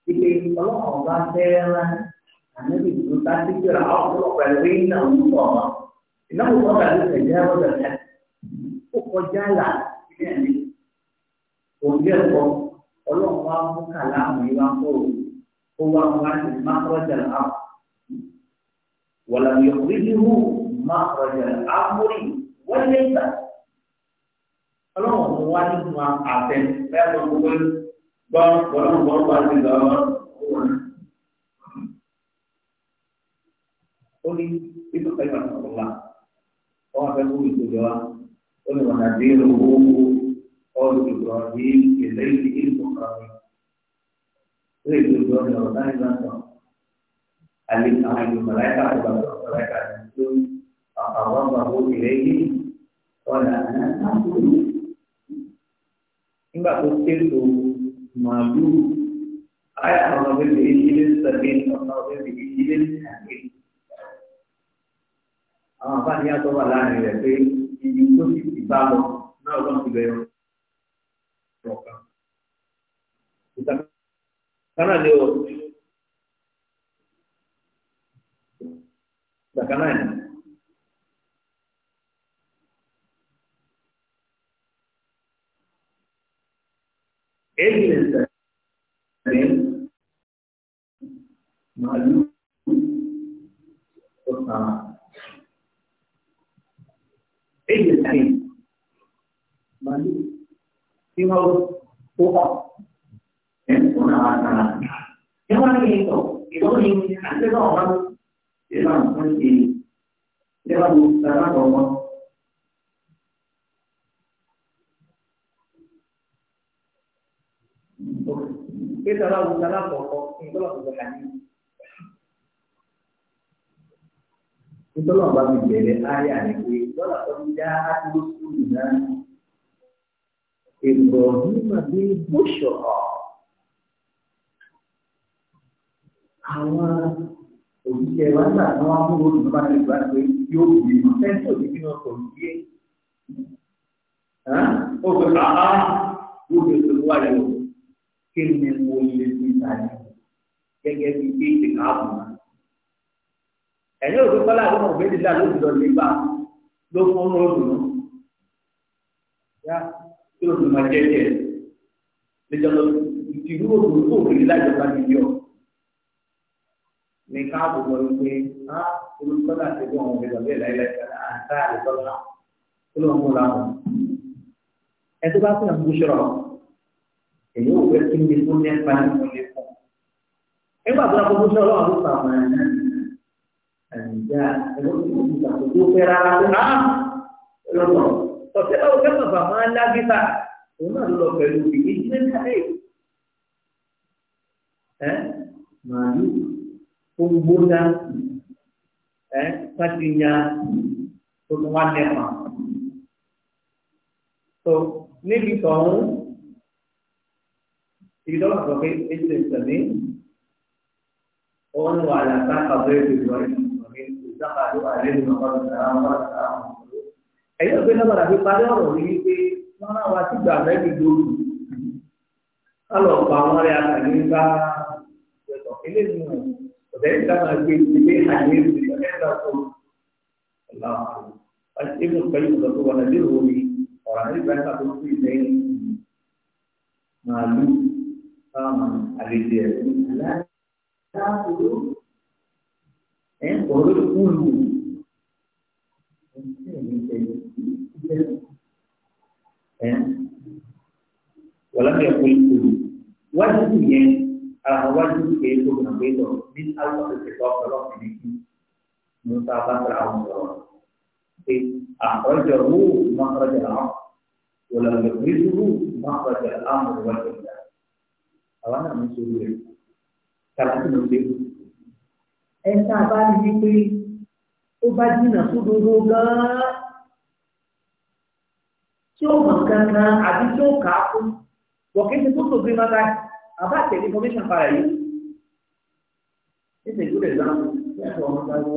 Jadi kalau orang bela, anda dibutuhkan pikiran, kalau perwira, umum, kita bukan saja, kita ó kọjá là ilé ẹ̀mí òun yẹ kọ ọlọ́run wa mú kàlámù yìí wá kó o wá wá sí mákọ́jà àpò wàlàmù yọ̀kùrìdìhù mákọ́jà àmúrì wọlé ìgbà ọlọ́run wa nínú àfẹ bẹ́ẹ̀ lọ gbogbo gbọ́ ọlọ́run gbọ́ gbà sí gbà ọ́ ó ní ibùdó ìgbà sọ̀rọ̀ wa ọ̀hún afẹ́ kó ìgbòjọ قل ونذيره قول إبراهيم إليه البخاري Itu tujuan jawatan yang langsung. Alim ahli mereka atau mereka itu Allah bahu ilaihi wala anak Hingga usir itu maju ayat Allah bin Ijilin terbit Allah bin Ijilin sakit. Apa dia tu wala ni títí tó ti fi bá lọ náà lọ́n ti bẹ̀rẹ̀ ọ̀gá. Ìtàkánná ni o. Ìtàkánná ọ̀sán. ايه الحين مالي في هو هو هنا عنا كمان يتو يتو لين عند الله يلا نسي يلا نسمع دوما kita lalu dalam pokok, itu lalu dalam nítorí ọba mi bẹ̀rẹ̀ ayé àdìgbé lọ́la tó ń dá àdúgbò sùúrù náà èrò nígbà bí bóṣọ àwọn òṣìṣẹ́ wa nígbà tí wọ́n mú olùdó bá ti gbà pé yóò bí mọ́ sẹ́ńtì òbí bí wọ́n kò ní yé ó fi àá wọ́n fi tó wáyé kí ni mo lè fi ta ni gẹ́gẹ́ bí bí ìtìkáàbù ẹ̀yìn òfin kọ́lá àdúgbò òbẹ́dì dá lóògùn lọ nígbà ló fún ọmọ òdùnú yá tí òdùnú máa jẹ́ jẹ́ lẹ́jọ́ lọ ìtìrú òdùnú tó òkèlè lájọba ní yọ ní káàbù lọ wípé á olú kọ́lá àti ẹgbẹ́ ọmọ òbẹ́dì ọ̀bẹ́ ìlàyé àǹtá àdìsọ́lá tó lọ́ mú làwọn ẹ tó bá fún ẹ̀kú ṣọ̀rọ̀ èyí ò fẹ́ kí ní kó ní ẹ̀ka ní ìfọ̀lẹ́fọ̀ nígbà tó lọ́ ẹnìjà ẹlòmíì ìgbà tó tó fẹ́ rárá tó náà lọ́nà tọ̀sẹ̀ báwo fẹ́ bàbá máa ń lágbèbà òun náà lọ pẹ̀lú ìdílé ìdílé kárẹ̀ ẹ màálù tó ń gbóná ẹ pàtì ya tó tún wá nẹ̀fà tó دخلوا عليه وقالوا السلام عليكم ẹ̀yìn ọ̀gbẹ́ náà padà fi parí ọ̀rọ̀ rí wípé wọ́n náà wá sí gbàgbé ti dòrò kálọ̀ ọ̀pọ̀ àwọn rẹ̀ àtàlẹ́ bá ẹ̀tọ́ eléyìí wọn ọ̀dẹ́ ìta máa gbé ìdílé àyè ìdílé ẹ̀dá tó ọ̀la àti ẹ̀mú pẹ̀lú ọ̀dọ́ tó wọn ẹ̀dẹ́ ìwò ẹ ọ̀rọ̀ ìkúlù ẹ wọlọ́dẹ̀ kúlù wájú yẹn àwọn wájú kéé tó gbà pé lọ ní àwọn òṣèlú ọ̀pọ̀lọpọ̀ ní kí musa bá tẹ̀lé àwọn ọ̀rọ̀ pé àkọ́jọ wò mọ́kànlá àwọn wọlọ́dẹ̀ kúlù mọ́kànlá àwọn ọ̀rọ̀ wájú yẹn àwọn náà ń sọ wíwẹ̀ kàlá tó ń gbé kúlù ẹ̀ka bá ní wípé ó bá jìnnà sódodo gan-an tí ó mọ̀ kankan àbí tí ó kà á fún wọ̀kí ti fótó gbé máa báyìí àbá tẹ̀lé information para yìí this is a good example ní ẹ̀ka ọmọ sáré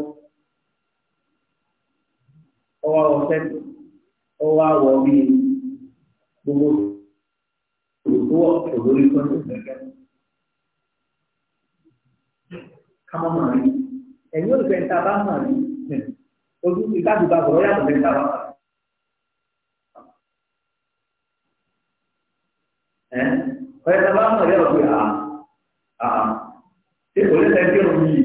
ọwọ́ ọ̀sẹ̀ ọwọ́ àwọ̀ bíi gbogbo òṣòwò òṣòwò ìkọ́ni ká mọ́ mọ̀ rí ẹ̀yin olùfẹ́ níta bá mọ̀ rí ojú ìgbàdùgbà bọ̀rọ̀ yàtọ̀ fẹ́ níta bá mọ̀ ẹ̀ ọ̀yẹ́ níta bá mọ̀ rí ọ̀gbìn àá àá ṣé kò lè tẹ́tí òun yìí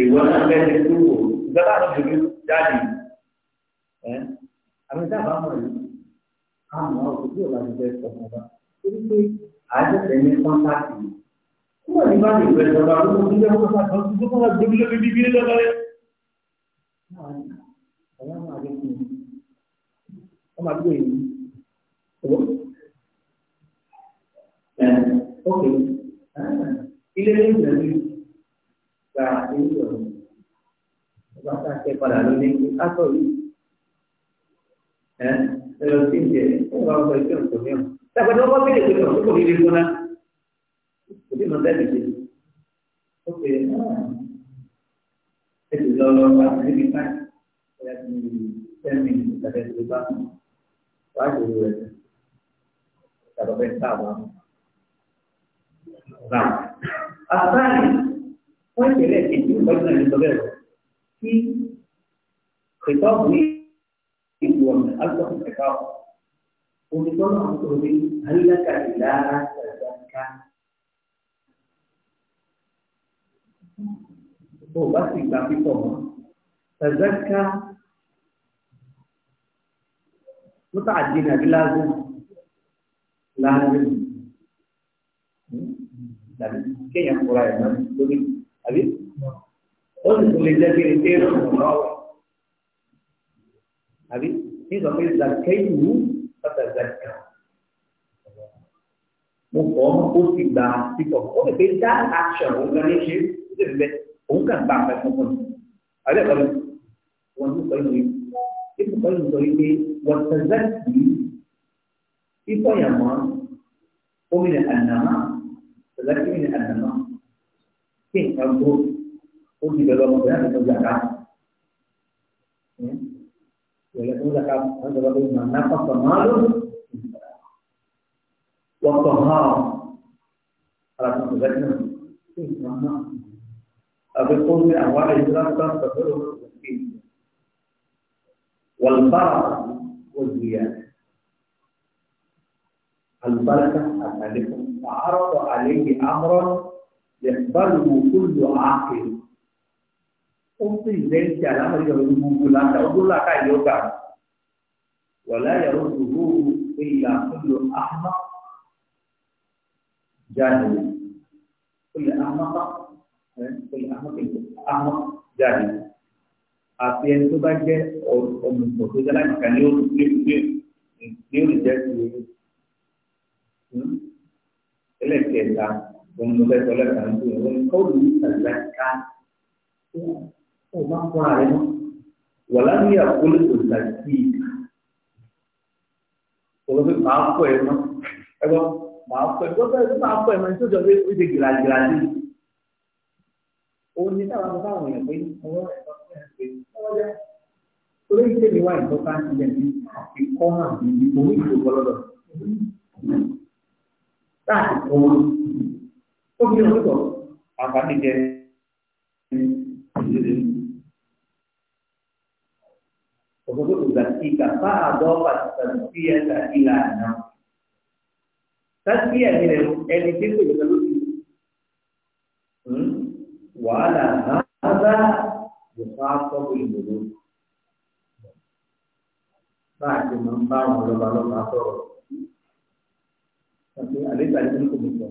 ìwọ náà fẹ́ ti kú wò ìjọba àwọn òbí jáde ẹ̀ àmì ìta bá rí ká mọ̀ tí ò bá ti fẹ́ sọ̀rọ̀ bá torí pé àjẹsẹ̀ ní kọ́ńtàkì yìí. Kuma imani böyle zamanı okuyacak olsak nasıl bu kadar birbirine birbirine de böyle. Selamun aleyküm. Ama bir oyun. Olur. Yani, okey. İlerleyin de bir daha ediyorum. Basta que para mí me encantó. ¿Eh? Pero sin que, vamos a decir un problema. ¿Te acuerdas? No va a pedir que no, no puede ir con nada nínú bẹ́ẹ̀ lè ṣe ó pè é náà ètò lọ́wọ́ bá níbi báyìí ẹ̀yà ti ten minutes tàbí ẹ̀sìn bá wà á ṣòro rẹ̀ tàbí ọ̀bẹ tá a wà mọ́. Náà àbáyé wọ́n ìṣẹ̀lẹ̀ kejì ìpàdé náà ní sọ bẹ́ẹ̀ kí ìtọ́jú ìlú ọ̀nà alùpùpù ẹ̀ka ọ̀. Omi tó náà ń sọ̀rọ̀ bí alẹ́ kàdé lára ṣàgbàǹkà. tó bá sì gbà pípọ̀ mọ́ tazaka mọ́tà àdínà bí lágùn lágùn tàbí kéèyàn kóra ẹ̀ náà lórí àbí ó sì tún lè jẹ́ kí ni pé ròmù lọ́wọ́ àbí nígbà pé zakẹ́yìnú bàtà zakẹ́ mo kọ́ ó sì gbà pípọ̀ ó lè pe dá action ó gan ní ṣe sí ìlẹ̀ òun kàn bá àpẹ fún un. Àlẹ́ kan wọn ló sọ yìí ètò kan ló sọ yìí pé wọ́n tẹ̀lé sí fífọ́ yẹn mọ́ omi ní ànàmá tẹ̀lé sí omi ní ànàmá kí nǹkan tó ó ti bẹ̀rẹ̀ ọmọbìnrin àti ọmọ ìjàkà. Ìyẹ̀lẹ̀ tó ń dàkà wọ́n sọ pé màá náà pàpà máa lò wọ́n tọ̀ náà kí بالقوم من أهوال الإسلام تستطيعه المسكين والبركة والزيادة البركة أسألكم فعرض عليه أمرا يقبله كل عاقل قمت إليه كلام يقول لا تقول لك يوكا ولا يرده إلا كل أحمق جاهل كل أحمق ahmad jáde àti ẹni tó bá jẹ́ ọmọ tó jẹ́ láìka ní ó lè gbé ní ó lè jẹ́ ti ẹlẹ́kẹ̀ẹ́ta òun ló fẹ́ sọ lẹ́ka ní ìlú ẹ̀rọ kọ́ ló ní ìtàlákà ó máa ń fọ́ ààrẹ mọ́ wà láwọn ìyá kó lè kò sà sí i òun fi máa ń pọ̀ ẹ̀ mọ́ ẹ̀gbọ́n máa ń pọ̀ ẹ̀ gbọ́dọ̀ máa ń pọ̀ ẹ̀ mọ́ ní tó jọ pé ó ti gìlàgìlà dé òun ni táwọn àwọn báwọn èèyàn pé ọwọ́ rẹ̀ lọ sí ẹ̀sìn ọwọ́ jẹ́ torí ìṣèlú wa ìtọ́ka ilẹ̀ ní àfikọ́ hàn níbi orí ìṣòro lọ́dọ̀ láti kọ́ wọn ó bí wọn sọ àǹfààní jẹ ìṣèlú òkòtò ìgbàsíkà bá àdọ́wà tàbí ẹ̀ka ìlànà tàbí ẹ̀mí ẹni tí kò yẹ lóṣù وعلى هذا يخاطب الملوك بعد من باعوا لبالو عطور tapi ada tadi itu bisa.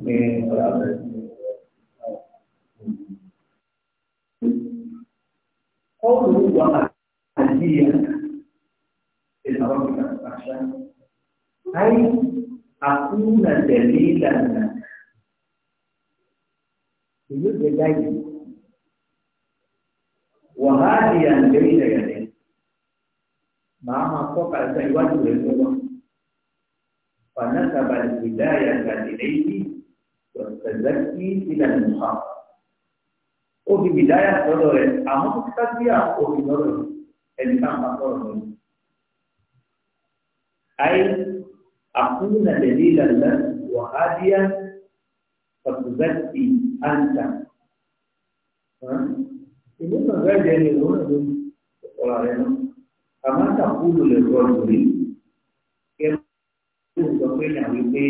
Nih, berapa? قوله وأهلية إلى ربك أخشى أي أكون دليلا يجب يجب وهاديا بين يديه مع ما فوق الوجه للغة فنسب الهداية إليه والتزكي إلى المصاب وفي بداية بدر أهم تكفية وفي بدر الإمام أقر أي أكون دليلا له وهاديا فتزكي àǹtà. Ìlú kàgbá ìjẹ́ ni ìlú náà ló ń sọ̀rọ̀ rẹ̀ náà. Àmọ́ àtàkùrù lè rọ lórí. Kẹ́mi ló sọ pé ní àwọn pé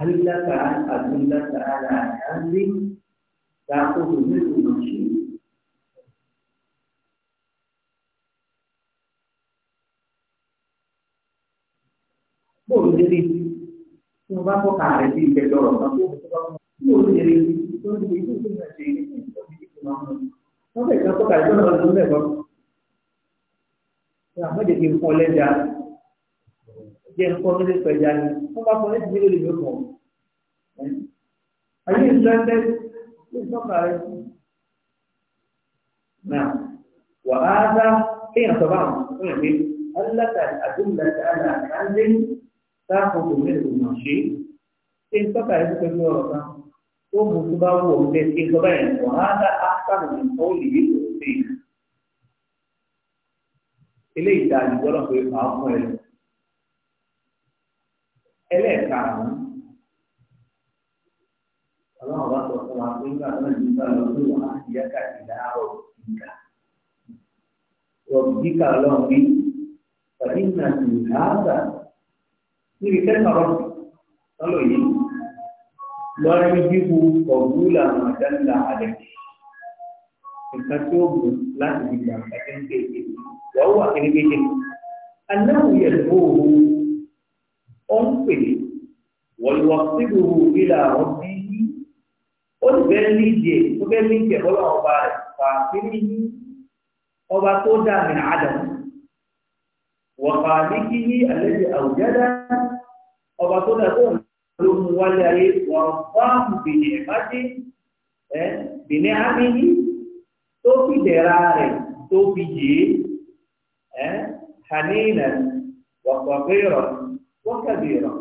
àlùláta àlùláta ara àdáńlé ta kókò mélòó tí mo bá fọ́ka rẹ̀ sí ìgbẹ́ lọ́rọ̀ kan tó kọ́ tí mo lè rí i tó ń gbé tó ń gbé ṣe ní wọ́n fẹ̀ẹ́ kan fọ́ka ìjọba lọ́dún mẹ́kọ́. àmọ́jẹ̀ kí n kọ́ lẹ́jà jẹ́ nǹkan mi lè pẹ̀já ni wọ́n bá fọ́ lẹ́sìn mi lè lè kọ̀. ayé ìṣẹ́ńtẹ́ ló fọ́ka rẹ̀ sí. náà wàhálà kéèyàn sọ báwọn fún ẹ̀mí alátàdé àdúgbò àti àlàkà ń lé táàkùn kò ní ìgbìmọ̀ ṣe ṣé ń tọ́ka ẹ̀ pẹ̀lú ọ̀rọ̀ kan tó mú tó bá wù ọ́ bẹ́ẹ̀ ṣe ń tọ́ka ẹ̀ wọ́n á dá áfíríkà nìkan ó lè yí kò sí ọlọ́run bá sọ fún wa pé nígbà tó ń bá lọ sí wọn àti yàtà ìdáhọ̀ ìgbà. rọ̀bì ọlọ́run bí tàbí ìnà ìhàdà níbi kẹsànán lọ́lọ́ yìí lọ́rẹ́ jíbu ọ̀gbúlà àdánilà àdẹ̀ nǹkan tí ó bù láti fi gbà àti ń gbé èdè wàá wà kérékété anáwó yẹ lóòrò ó ń pè wọ̀lùwọ̀ síbòrò ìlà ọ̀bí ó sì fẹ́ lídìí ẹ̀ tó fẹ́ lídìí ẹ̀ bọ́lá ọba rẹ̀ fà á sí ní ọba tó dà mí àdàmú wọ̀pá ní kí ní àlejò àwùjá dáná ọba tó dà tó ló mú wálé ayé wọn fáàmù bìnnì ìbáṣe ẹ bìnnì ámìyí tó fi dẹ̀ra rẹ̀ tó fi yé ẹ hàníìnà wàkọ̀fẹ́rọ̀ wọ́kàbìrọ̀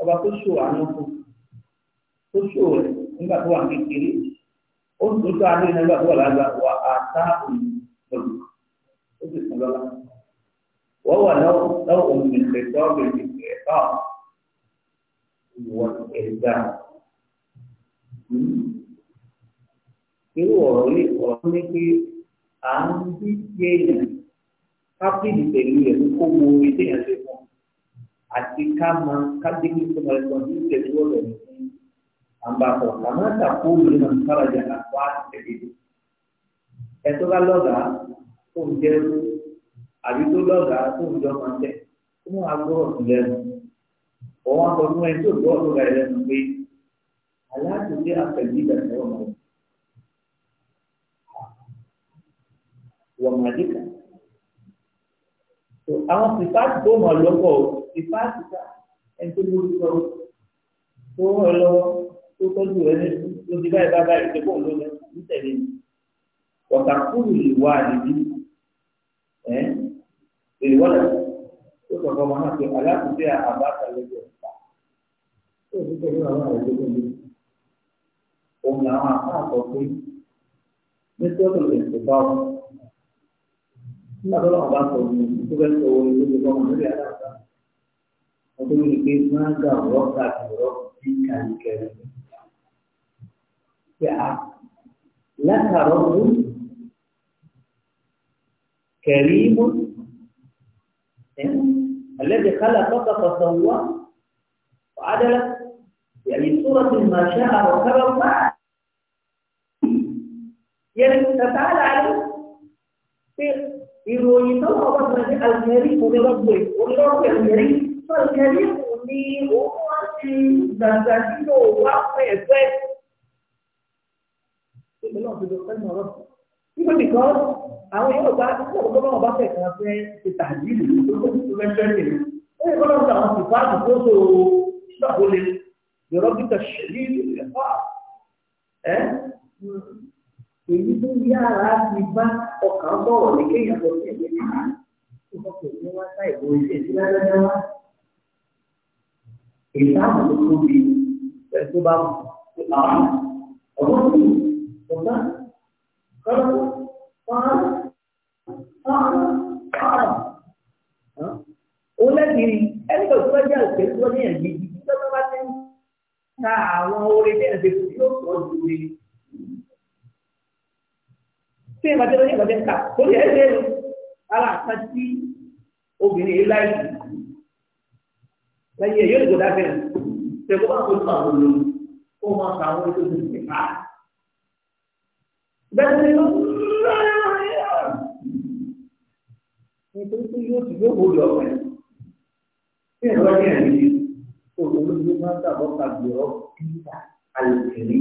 ọba tó ṣò àánú fún tó ṣò rẹ̀ nígbà tó wà kékeré ó ń tuntun àánú nígbà tó wà lágbà wà á tá òun ó sì sùn lọ́la wọ́n wà lọ́wọ́ òun ìṣẹ̀tọ́ bẹ̀rẹ̀ ìṣẹ̀tọ́. والإرجاع irú ọ̀rọ̀ yìí ọ̀rọ̀ ní pé à ń bí yé èèyàn kápẹ́ẹ̀lì pẹ̀lú ẹ̀ ló kó mo orí téèyàn ṣe fún àti ká máa kábíyèsí tó máa lọ sí ìṣẹ̀lú ọ̀rọ̀ yìí fún àǹbàpọ̀ àmọ́ àtàkó mi máa ń sárajà àpá àtẹ̀lẹ́dẹ́ ẹ̀tọ́ bá lọ́gàá tó ń jẹ́rú àbí tó lọ́gàá tó ń jọ máa tẹ̀ fún agbọ́rọ̀ lẹ́nu òun akọ fún ẹni tó gbọ́ ọdún rẹ̀ lẹ́nu pé aláàtò jẹ́ àpẹ̀lú ìgbàgbọ́ ọmọ rẹ̀. wọ́n máa dé kà. àwọn sìfáàtì tó mọ̀ lọ́kọ̀ sìfáàtì ká ẹni tó lórí sọ tó rọ̀ lọ tó tọ́jú rẹ̀ ní lójú báyìí bá báyìí tó bọ̀ lónìí nítẹ̀lé ọ̀tàkùnrin ìwà àdìdí ẹ̀ èrè wọ́n lẹ́sìn tó kọ̀ọ̀kan máa ń pè aláàbùdé àbáta lójú ọ̀sà tó o ti tẹ̀lé àwọn àìlè tó lé òun làwọn àpá àkọ́kọ́ ní tọ́tò lè ṣe bá wọn nígbà tó lọ́wọ́ bá sọ ní tó fẹ́ sọ orin lójú ọmọ lórí aláàbá wọn tó ní pé máa ń gbà rọ́ọ̀kà rọ́ọ̀kà bí kàlíkẹ́rì pé a látàrọ́ kẹ̀rí mọ́. الذي خلقك فصوى وعدل يعني صورة ما شاء وكرم ما يعني تعالى عليه في رؤية الله وبرنا الكريم ولربه ولربه الكريم فالكريم ومعطي دانتاكيدو ورقه يتوى يقول الله في دقائنا ربه nígbà because kan àwọn yóò bá nígbà tó bá wọn bá fẹ́ kan fẹ́ ṣe tàbí ìlú tó tó tó fẹ́ fẹ́ nìyẹn ó yẹ kó lọ́wọ́ sọ àwọn tìfá àtúntò tó nígbà tó le yọ̀rọ̀ bí kò ṣẹlẹ̀ ẹ̀fọ́ ẹ̀ èyí tó yára ti bá ọkàn bọ̀rọ̀ ní kéèyàn tó ṣe ìwé náà tó bá kò ní wá sáì sí lálẹ́ wá ìdáàbò tó tóbi ẹ̀ tó bá wù ọ̀gbọ́n ọ̀gbọ́n Kalau faham, faham, faham. Oleh diri, ẹni tó tó jẹ́ òkè tó ní ẹ̀mí yìí tó tó bá ti ń ta àwọn orin tí ẹ̀sìn tó yóò pọ̀ ju rí. Tí ìgbà tí ó ní ìgbà tí ń kà, ó lè ṣe aláǹkà tí obìnrin yìí láì lẹ́yìn ẹ̀ yóò lè gbọ́dá bẹ́ẹ̀. Ṣé kó bá kó tó àwọn olórí kó máa ta àwọn orin tó ti ń pè ká bẹ́ẹ̀ ni nítorí pé yóò ti yóò wọlé ọ̀rẹ́ tí ẹ̀rọ ní ẹ̀rí olùdókòwò máa ń tàbọ̀ kàgbéọ̀ kíkà àlùkèrè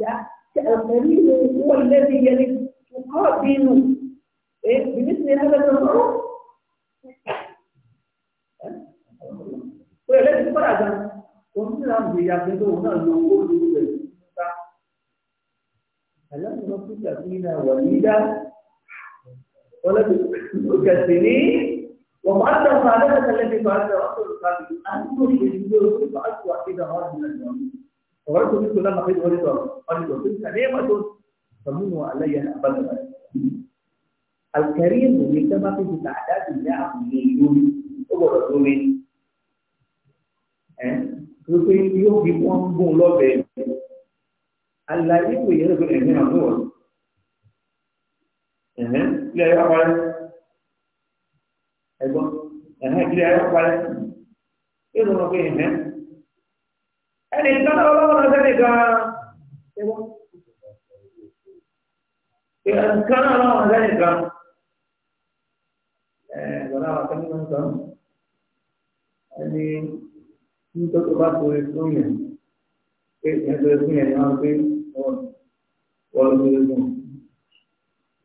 yá àlùkèrè ló ń wọ ilé bí yẹlé kọ́ bínú ẹ bìbí ti ẹ̀rọ lọ́wọ́ lọ́wọ́ pé ẹlẹ́sìn kọ́ra gan-an òun ti ra àgbèyàgbé tó òun náà lọ owó lórí rẹ̀. ألم نكن فينا وليدا ولد كالسنين وبعد المعلمة التي فعلت رسول الخالد أنتم تجدون بعض واحدة غار من اليوم فقررت منك لما قيل ولد قالت وتلك نعمة فمنوا علي أن أقل الكريم كما في تعداد النعم مليون ورسول رسول يوم يوم لوبين àlàyé kò yẹ lóko ẹ̀mí náà tó wọ̀ ẹ̀hẹ́ kílẹ̀ ayé wàparẹ́ ẹ̀gbọ́n ẹ̀hẹ́ kílẹ̀ ayé wàparẹ́ yóò lọ́nà pé ẹ̀hẹ́ ẹni ìtọ́nà ọlọ́wọ́ náà sẹ́ni gan-an ẹ̀gbọ́n ìkànnà ọlọ́wọ́ náà sẹ́ni gan-an ẹ̀gbọ́n àwọn akẹ́kọ̀ọ́ náà sọ̀rọ̀ ẹni nítorí tó bá tó ẹ̀kọ́ yẹn pé ẹ̀kọ́ ẹ̀kọ́ yẹn ni wọ́n pé wọ́n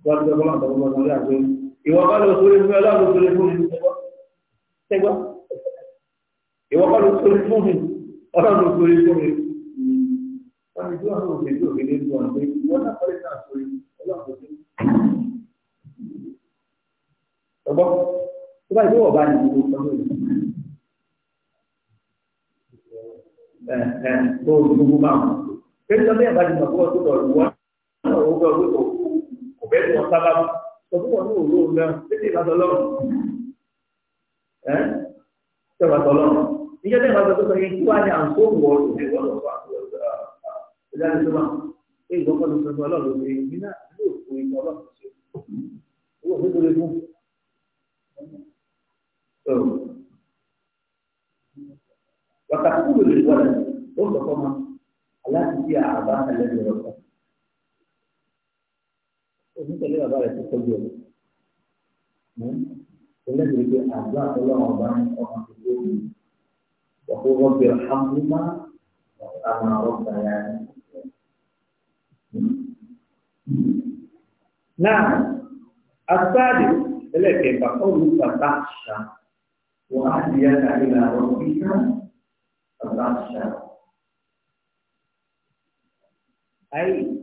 gbọ́dọ̀ bọ́lá àtàwọn ọmọ ìlú àgbẹ̀ ìwọ bá lọ sórí fún ọlọ́run sórí fún mi tẹgbọ́ ìwọ bá lọ sórí fún mi ọlọ́run sórí fún mi wọ́n ti dúró àwọn òṣèlú òkèlè ń bọ̀ pé wọ́n tó gbogbo bá Jadi sampai yang tadi bahwa itu baru dua, baru dua itu, kubek mau salam, tapi mau dulu udah, jadi nggak tolong, eh, coba tolong. Jika dia kalau tuh sering tua hanya angkum, gol, ini gol, jadi cuma, eh, gue kalau tuh tolong, lu sering mina, lu sering tolong, lu sering tolong. Tuh. Waktu itu dulu dua, tuh kok لا تطيع أعضاء الذي ربك وانت ليه أعضاء تقول يوم الذي يقول أعضاء الله أعضاء وقل رب ارحمهما كما ربياني نعم الثالث لكن فقولك تخشى وأهديك إلى ربك فتخشى أي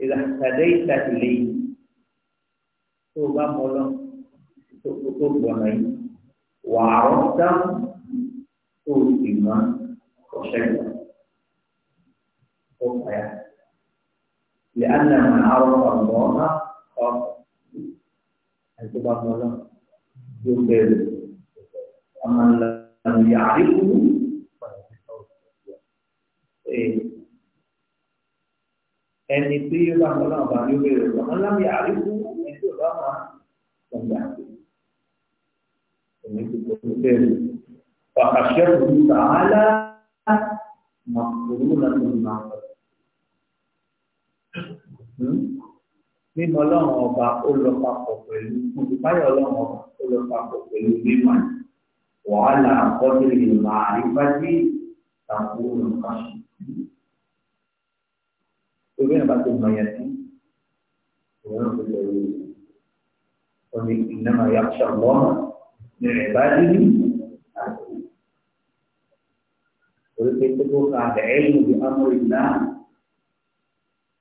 إذا اهتديت لي توبة مولم تكتب بني وعرفت توسما وشيئا لأن من عرف الله خاف التوبة مولم يبدل ومن لم يعرفه إيه ẹni tí yóò bá wọn náà bá ní wéèrè wọn alámi àríkú ẹni tí ò bá wọn wọn gbà èmi ti kò tó bẹ́ẹ̀ fàkàṣẹ́ òkú sàálà màkúrú náà tó máa fẹ́. mímọ̀ ọlọ́run ọba ó lọ papọ̀ pẹ̀lú olùbáyọ̀ ọlọ́run ọba ó lọ papọ̀ pẹ̀lú mímọ̀ wàhálà àkọ́jọ́ ìmọ̀ àrífájí tàkùrù nǹkan Ìwé náà bá tó mọ yẹn ní ìwé náà tó lè wí. Wọ́n ní iná máa yá ṣe ọ̀gbọ́n mọ̀ ní rẹ̀ bá dé ní àti. Orí pé tó kó ka àdé ẹ̀yìn bí ọmọ ìlà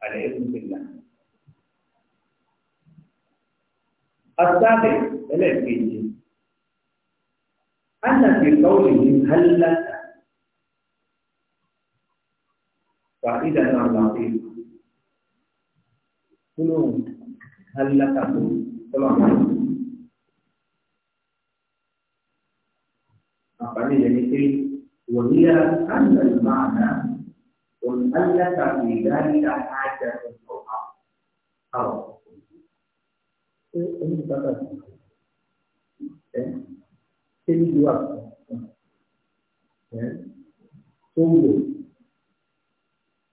àdé ẹ̀yìn bí ìlà. Asábẹ̀ ẹlẹ́ẹ̀kejì. أن في قوله هل لك فإذا ما لطيف gbólóhùn alákàtó tọ́lọ́mọ. àǹfààní rẹ̀ ni pé wòlíà ánàlù máa ná òun alákàtó ìdáríkà ájà ọ̀pọ̀ àwọ̀. ṣé ẹni bàbá ẹ ṣé níbi wà ẹ tó ń lò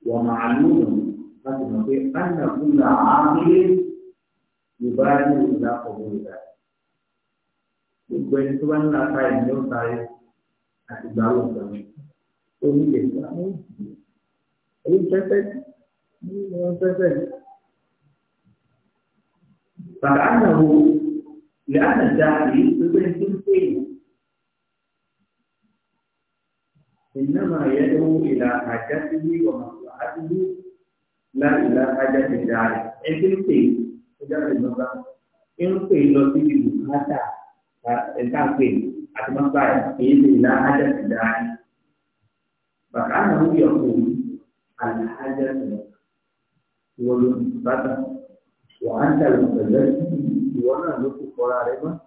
wọ̀ màálù lòun. láti mọ̀ pé ánà kúlà ámílé yorùbá ní ìlà ọ̀gbọ̀n ìlà gbogbo ẹni tó bá ń láta ìlú ọ̀sáré àti ìgbà ọ̀sán ó ní ìdèkù àwọn ìdìbò èyí pẹ́pẹ́ ní wọn pẹ́pẹ́. bàbá àná wo ìyá àná dá èyí gbogbo ẹni tó ń pè é. إنما يدعو إلى حاجته ومصلحته لا إله حاجة في إلا أنت الكي تجار المبا إنك لو تجي بكاتا أنت الكي أتمنى إلا حاجة في إلا فكأنه يقول الحاجة والمثبتة وأنت المتجسد وأنا نطق قراربا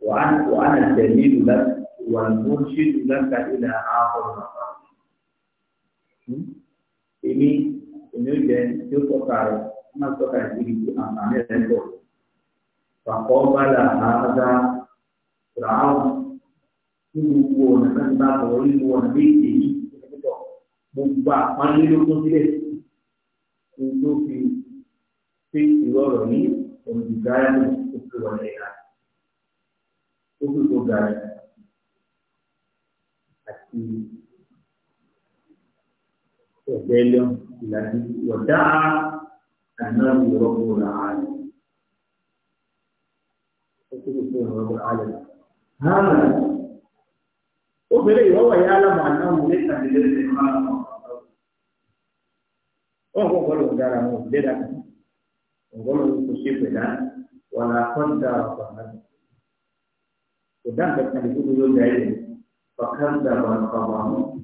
وأنا وأنا الدليل لك والمرشد لك إلى آخر مقام èmi èmi ò jẹ tí ó tọ́ka rẹ̀ má tọ́ka ìdílé tí àǹfààní rẹ̀ ń bọ̀. Pàpọ̀ bàlà àádá ràáwù ní gbogbo ọ̀nà láti bá bọ̀ ní gbogbo ọ̀nà bí èdè yìí pọ̀. Gbogbo àpọ́nlé ló tó sílẹ̀ kí n tó fi ṣe ìrọ̀ ní òǹdìgáyà ní òkè wọlé ìlà. Ó tó ga rẹ̀ àti وبيلهم الذي ودعا أنه رب العالم رب العالمين هذا وبلي هو يعلم أنه ليس بذلك ما وهو قول دار مبدلا وقول مشبلا ولا قدر فهد ودان كان يقول يوم فكذب القضاء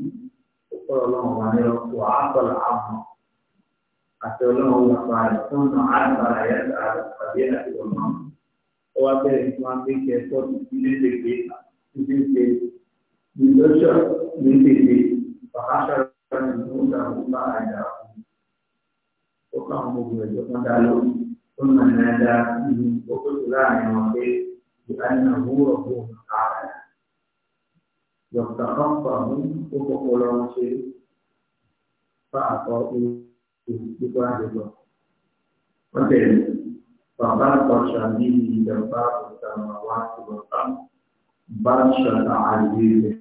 ọ̀rọ̀ lọ́wọ́ wà ní ọkọ̀ àbọ̀là àmọ̀ àti ọlọ́wọ́ wà fà rẹ̀ fún nà àbàlà yẹn àbí àti ọ̀nà ó wá bẹ̀rẹ̀ fún akéèké ẹ̀kọ́ tuntun ní tètè títí ṣe ìdọ́ṣọ́ ní tètè bàkàṣà rẹ̀ ní ìmúta ọ̀gbà àjà ó kà wọn gbogbo ẹ̀jọ̀ kan dá lórí ó nà ní ẹ̀dá tó láàrin wọn pé ìbánilá wúrọ̀ wọ̀ ká yọ̀tàkọ́fàmù ó kọ́kọ́ lọ ṣe fáàkọ́ ìgbìkọ́ àjẹjọ. wọ́n tẹ̀lé bàbá àkọ́ṣà ní ìjọba ìjọba wa ti lọ bá bá ṣọ̀tà àyè rẹ̀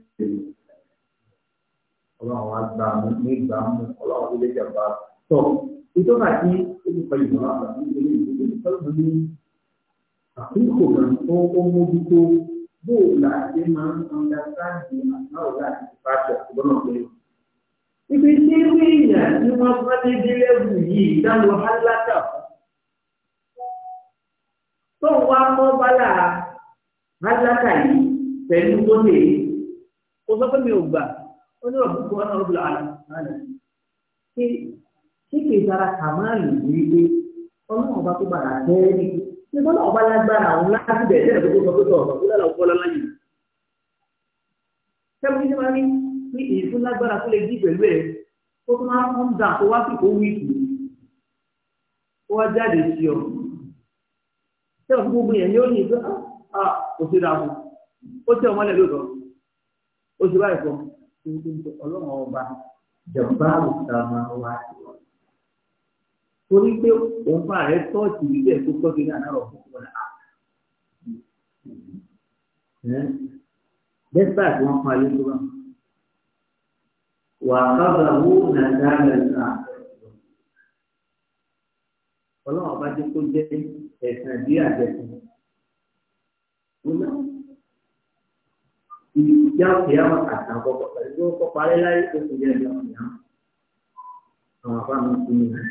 ọlọ́run wa gbà mí nígbà mú ọlọ́run ilé ìjọba tọ̀ ìjọba tí ó ti pẹ̀lú ìjọba àti ìjọba ìjọba ìjọba ìjọba àfihàn kan tó ó mójútó bóòlù àti máa ń ọ̀ndásáàdì àtàwọn láti pàṣẹ lọ́nà pé. Ibi tí wí ìyà tí wọ́n bá dédé lẹ́bù yìí dáwọ́ aláta fún. Tó wá mọ́ bálà aláta yìí pẹ̀lú tó lè kó sọ pé mi ò gbà ó ní ọ̀bùn kó ọ̀nà ọ̀bùn àlàyé. Kí kì í sara kàmáàlì yìí pé ọlọ́run ọba tó bàrà tẹ́ẹ̀lì ní bọ́lá ọba lágbára àwọn láti bẹ̀rẹ̀ sẹ́yìn gbogbo sọ́kòtò ọ̀sán kó lọ́la ọ̀pọ̀ lọ́la yìí. sẹ́wọ́n ní sẹ́wọ́n ní èyí tó lágbára tó lè dí pẹ̀lú ẹ̀ ó tún máa ń kún dà kó wá sí kó wíìkì kó wá jáde sí ọ. sẹ́wọ́n gbogbo yẹn ni ó ní ìgbà á ah, ah, kò sí dàbò ó tẹ ọmọlẹ̀ lóòótọ́ ó ti báyìí fọ ọlọ́run ọba jàmbá òkúta torí pé òun fà rẹ tọ́ọ̀tì níbẹ̀ tó tọ́jú ní àná ọ̀fun kọ́ la. dẹ́sítà tí wọ́n parí tó bá wà kábà wó nàdá lẹ́sà ọlọ́run bá dé kó jẹ́ ẹ̀sán bí àjẹsán ìjà òkè àwọn àtàkọ́kọ́ pẹ̀lú kó parẹ́ láyé tó kù jẹ́ ẹ̀dá ọ̀nà àwọn afáàmù tó nìyẹn.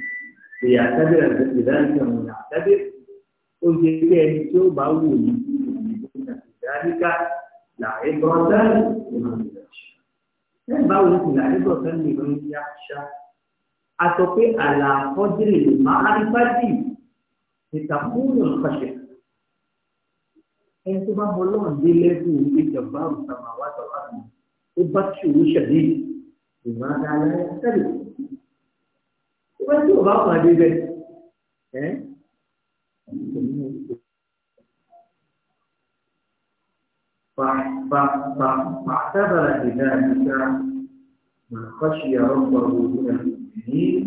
ليعتبر بذلك من يعتبر وجد أن توبة ويكون ذلك لا عبرة لمن يخشى báwo ló ti là nígbà tó ń lè lóyún sí àṣà àtọ pé àlà àkọjìrì lè má arígbájì ìtàkùnrin ọ̀kọ̀ṣẹ̀ ẹni tó bá bọ́ lọ́rùn dé lẹ́gùn ìjọba àrùn sàmáwá tọ́lá mi ó bá kí òun ìmọ̀ ìgbà tí ò bá kàn dé bẹ ẹ فاعتبر بذلك من خشي ربه من المؤمنين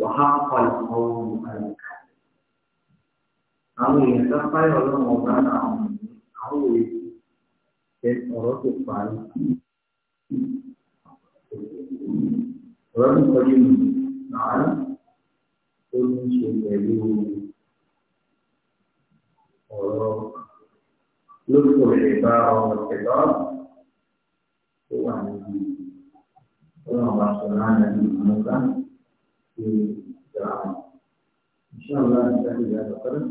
وحق القول الكافر àwọn èèyàn tó fáyọ̀ ọlọ́run ọba náà àwọn òye ṣe ọ̀rọ̀ tó parí ọ̀rọ̀ tó kọjú nìyí náà tó ní ṣe pẹ̀lú ọ̀rọ̀ lóko lè bá ọ̀rọ̀ pẹ̀lú tó wà níbi ọlọ́run bá sọ lánàá ní ìmúká ti gbà wọn. Iṣẹ́ ọ̀la ní ìdájọ́ ìyá àgbàkọ́rẹ́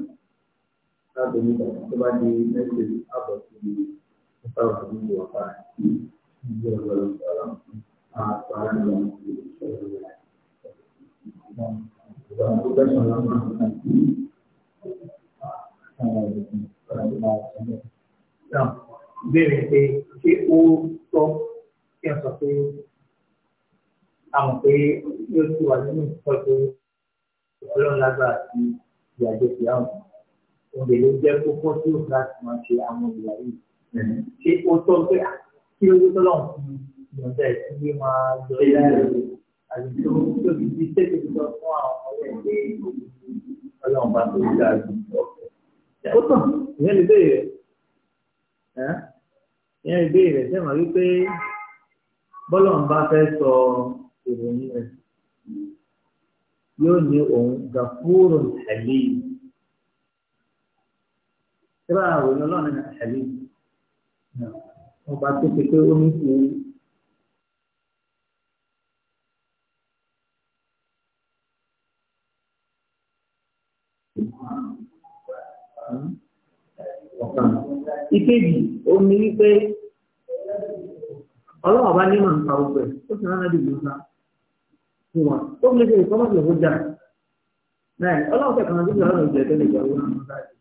láti nígbà tó bá dé mẹ́sẹ̀ àbọ̀ sí ìfẹ́ òfin ìwọ̀n pa ìdí ọ̀gbọ̀n ọ̀la àpárá ìlànà ìṣẹ̀lẹ̀ rẹ̀. Béèrè pé ṣé ó tọ́ kí ẹ sọ pé a mọ̀ pé yóò ti wà nínú ìtọ́jú ọlọ́run lágbára sí ìyàjẹ́ ti àwọn òde ló jẹ́ kókó tí ó fẹ́ láti máa ṣe àwọn ìwà yìí. Ṣé ó tọ́ pé kí ó tọ́lọ́run fún ìyọ̀ǹda ìdílé máa yọ ilé rẹ̀? àti tó fi di tètè lọ fún àwọn ọmọ rẹ̀ pé ọlọ́run bá tó dá ju ọ̀fẹ́. ó tàn ìyẹn lè béèrè ẹ́ ìyẹn lè béèrè ṣé màá wípé bọ́lọ́run bá fẹ́ sọ ìròyìn rẹ̀ yóò ní òun gàfúrò tẹ̀lé ṣé báwo ni ọlọ́run ní àṣẹlẹ̀ ọba tó ṣe pé ó ní kú. ìkejì omi wípé ọlọ́wọ́ bá nímọ̀ nípa ọgbẹ́ ó sì rán ẹ̀dùn nípa fún wa ó fi lè ṣe ìkọ́mọ̀tì ìfọ́jà náà ọlọ́wọ́ kẹ̀kọ́ náà síbi ọlọ́wọ́ ìjẹ́ tẹ́lẹ̀ ìjọba náà nípa rẹ̀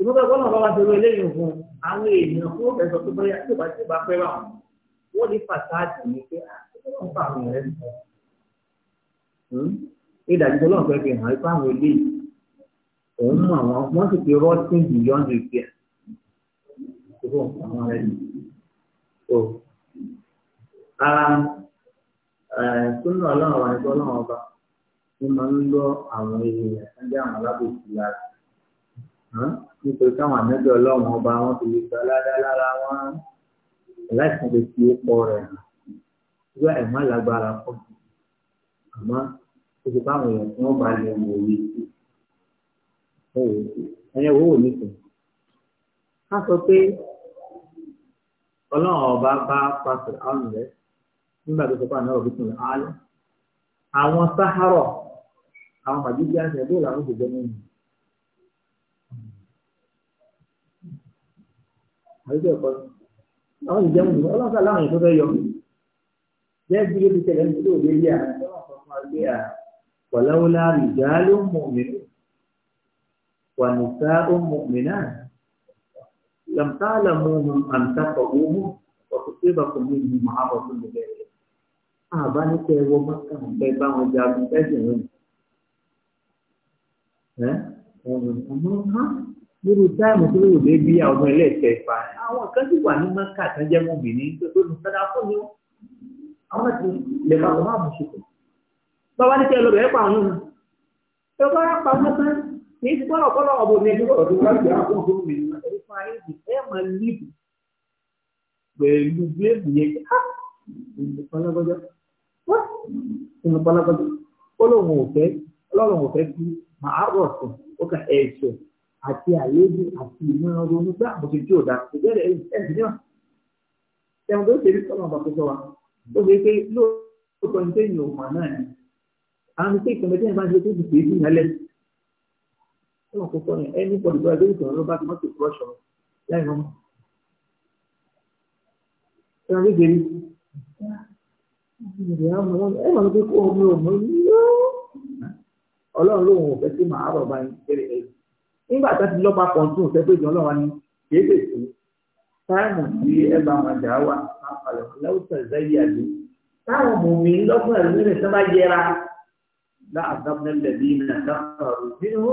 ìmúta gbọ́dọ̀ bá wa ṣe wọlé yìí fún àwọn èèyàn fún òfin sọ pé bóyá tí ó bá tí ó bá pẹ́ bá wọn wọ́n ní fàtáàtì ní pé àwọn bá àwọn ẹ̀rẹ́ nìkan ìdájọ́ ọlọ́run fẹ́ fi hàn ipá àwọn ilé òun mú àwọn wọ́n sì fi rọ́ọ̀tì beyond repair fún àwọn ará ẹni. So ara súnà ọlọ́run wa ni kí ọlọ́run ọba ní máa ń lọ àwọn èèyàn ẹgbẹ́ àwọn alábòsí lára nítorí káwọn àmẹ́bí ọlọ́run ọba wọn ti lè gba ládá lára wọn láìsàn lè fi ipò rẹ̀ hàn wíwá ẹ̀mọ́ lágbára pọ̀ àmọ́ ó ti báwọn èèyàn tí wọ́n bá lè wò ó yìí sí wò nísìnyí. ká sọ pé ọlọ́run ọba bá pàṣẹ àwọn rẹ nígbà tó sọ pé àná ọ̀bí tún àlọ́ àwọn sáhárọ̀ àwọn màjíjì àṣẹ bó làwọn kò jẹ́ nínú. àdúgbò ẹ̀kọ́ àwọn ìjẹun nìyẹn ọlọ́run sá láwọn èèyàn tó fẹ́ yọ jẹ́ bí ó ti tẹ̀lé ní tó lè rí àwọn ọlọ́run sọ fún wa pé à pọ̀lọ́wọ́lá rìjá ló mọ̀ mí wà nìta ó mọ̀ mí náà. لم تعلموهم أن تفقوهم وتصيبكم منهم معرض بغيرهم àbá ní kẹ wọ mọ́tà bẹ bá wọn jagun ẹsẹ̀ wọn ẹ ọ̀rọ̀ ọmọ ha nínú táìmù tó lè dé bí àwọn ẹlẹ́ẹ̀kẹ́ fa àwọn kan ti wà ní mọ́tà kan jẹ́ mọ́ bìíní tó tó lùsọ́ dáa fún mi ó àwọn wọn máa bù ṣùkọ́ bàbá ní kẹ lọ bẹ̀rẹ̀ pa àwọn ọ̀nà ẹ bá pa mọ́tà kì í ti gbọ́dọ̀ kọ́lọ́ ọ̀bọ ní ẹni gbọ́dọ̀ tó wá gbé àwọn ọmọ mi nígbà tó fún ayé mi ẹ máa líbi pẹ̀lú bíèmù yẹn kí á ìlú pálágọ́jọ́ wá ìlú pálágọ́jọ́ ọlọ́run ò fẹ́ ọlọ́run ò fẹ́ kí màá rọ̀ sùn ó kà ẹ̀ṣẹ̀ àti àléébù àti ìmọ̀ ronú gbá àbòsí tí ò dáa ìbéèrè ẹ̀sìn náà ẹ̀wọ̀n tó ṣe rí sọ́nà ọ̀bà tó sọ wa ó ṣe pé lóòótọ́ ẹ̀ ẹ̀wọ̀n kò sọ̀rọ̀ ẹni bọ̀dù bọ̀dù lórí ìtàn ló bá ti mọ́tò kúrọ̀ṣọ̀ láì mọ́. ẹ̀wọ̀n ló gbèrè ẹ̀wọ̀n ló gbé kó omi òmò ọlọ́run lóun ò fẹ́ sí màá rọ̀ bá yín kéré ẹ̀ nígbà tá ti lọ́pàá kan tún fẹ́ pé ìjọ ọlọ́run ni kì í lè tó táìmù tí ẹ bá wọn jà wà àpàlẹ̀ lẹ́wọ̀tàn zẹ́yì àdé táwọn mòmí lọ́gbọ̀n ẹ̀rọ nílẹ̀ sábà yẹra láàbàbọ̀nẹ́lẹ̀ bíi nàìjíríà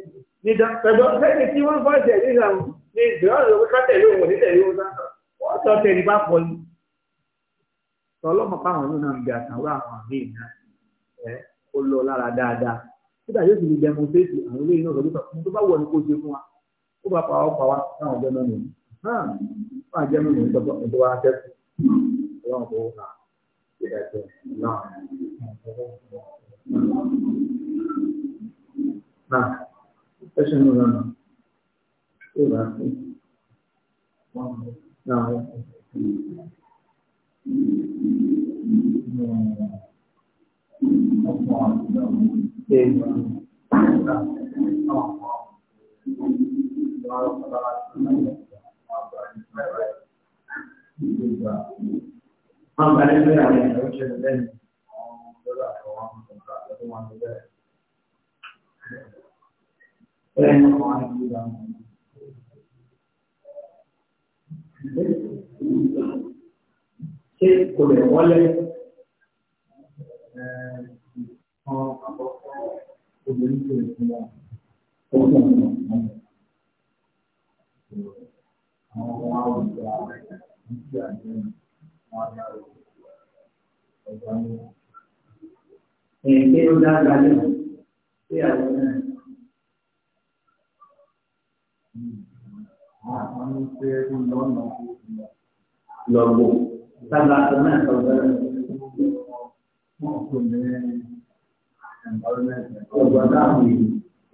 nìkan pẹ̀lú sẹ́ni tí wọ́n fọ́ ẹ̀sẹ̀ nígbà wọn ní ìdíwọ́n ló ká tẹ̀lé òun ní tẹ̀lé òun sáà wọ́n sọ tẹ̀lé bá pọ̀ ní. tọ́lọ́mọ káwọn yóò náà gbé àtàwọn àwọn àmì ìná ẹ ó lọ lára dáadáa nígbà yóò sì ní dẹmọtrétì àwọn olóyìn náà sọdún kan tó bá wọ ní kó ṣe fún wa ó bá pa ọkọ̀ wa káwọn jẹ́ ní hàn jẹ́ mẹ́rin ní tọ́pọ̀ ẹsẹ̀ ń lọ náà tó bá sí náà Amfani da yanayi da wuce da ɗani, ɗaura da wani da ɗaura da wani da ɗaura ṣé kò lè wọlé ọ̀n àbọ̀ obìnrin tó lè fún wa ó fún ọ̀n ọ̀n àwọn ọmọ àwùjọ ní kí àjẹ́ wọn dá ọ̀gá ní. ẹ̀ẹ́dẹ́gbẹ̀rún dáadáa lẹ́nu sí àwọn náà lọ́gbọ̀ sábà tó náà sọ bẹ́ẹ̀ wọ́n kò ní ọgbà dáhùn yìí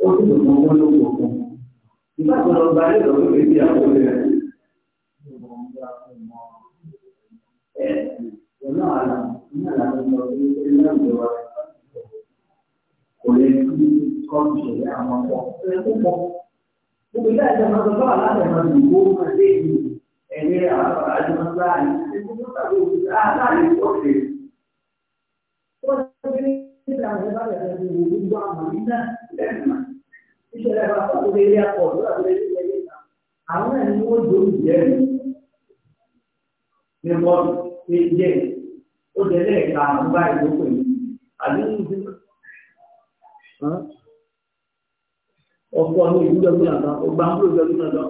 ó sì lè mọ owó lóko kan ìgbà tó lọ gba ẹ̀rọ ló lè di àwọn olè rẹ̀. Ọ̀nà àlà ní àlàyé kò lè kí kọ́ọ̀tù àwọn ọmọ ẹ̀kọ́ Kemudian ada masalah ada mendukung masih ini apa ada masalah itu kita butuh ada itu oke. Terus ini kita ada ada mendukung dua mana dan itu ada apa boleh lihat foto ada lihat àwọn ẹni ó do ìjẹ ní wọn ṣe jẹ ó jẹ lẹ́ẹ̀ka àwọn báyìí ló pè é àbí ní ìdílé ọkọ àwọn ìlú dọ́gbìn àbá ọgbà ń lò dọ́gbìn àbá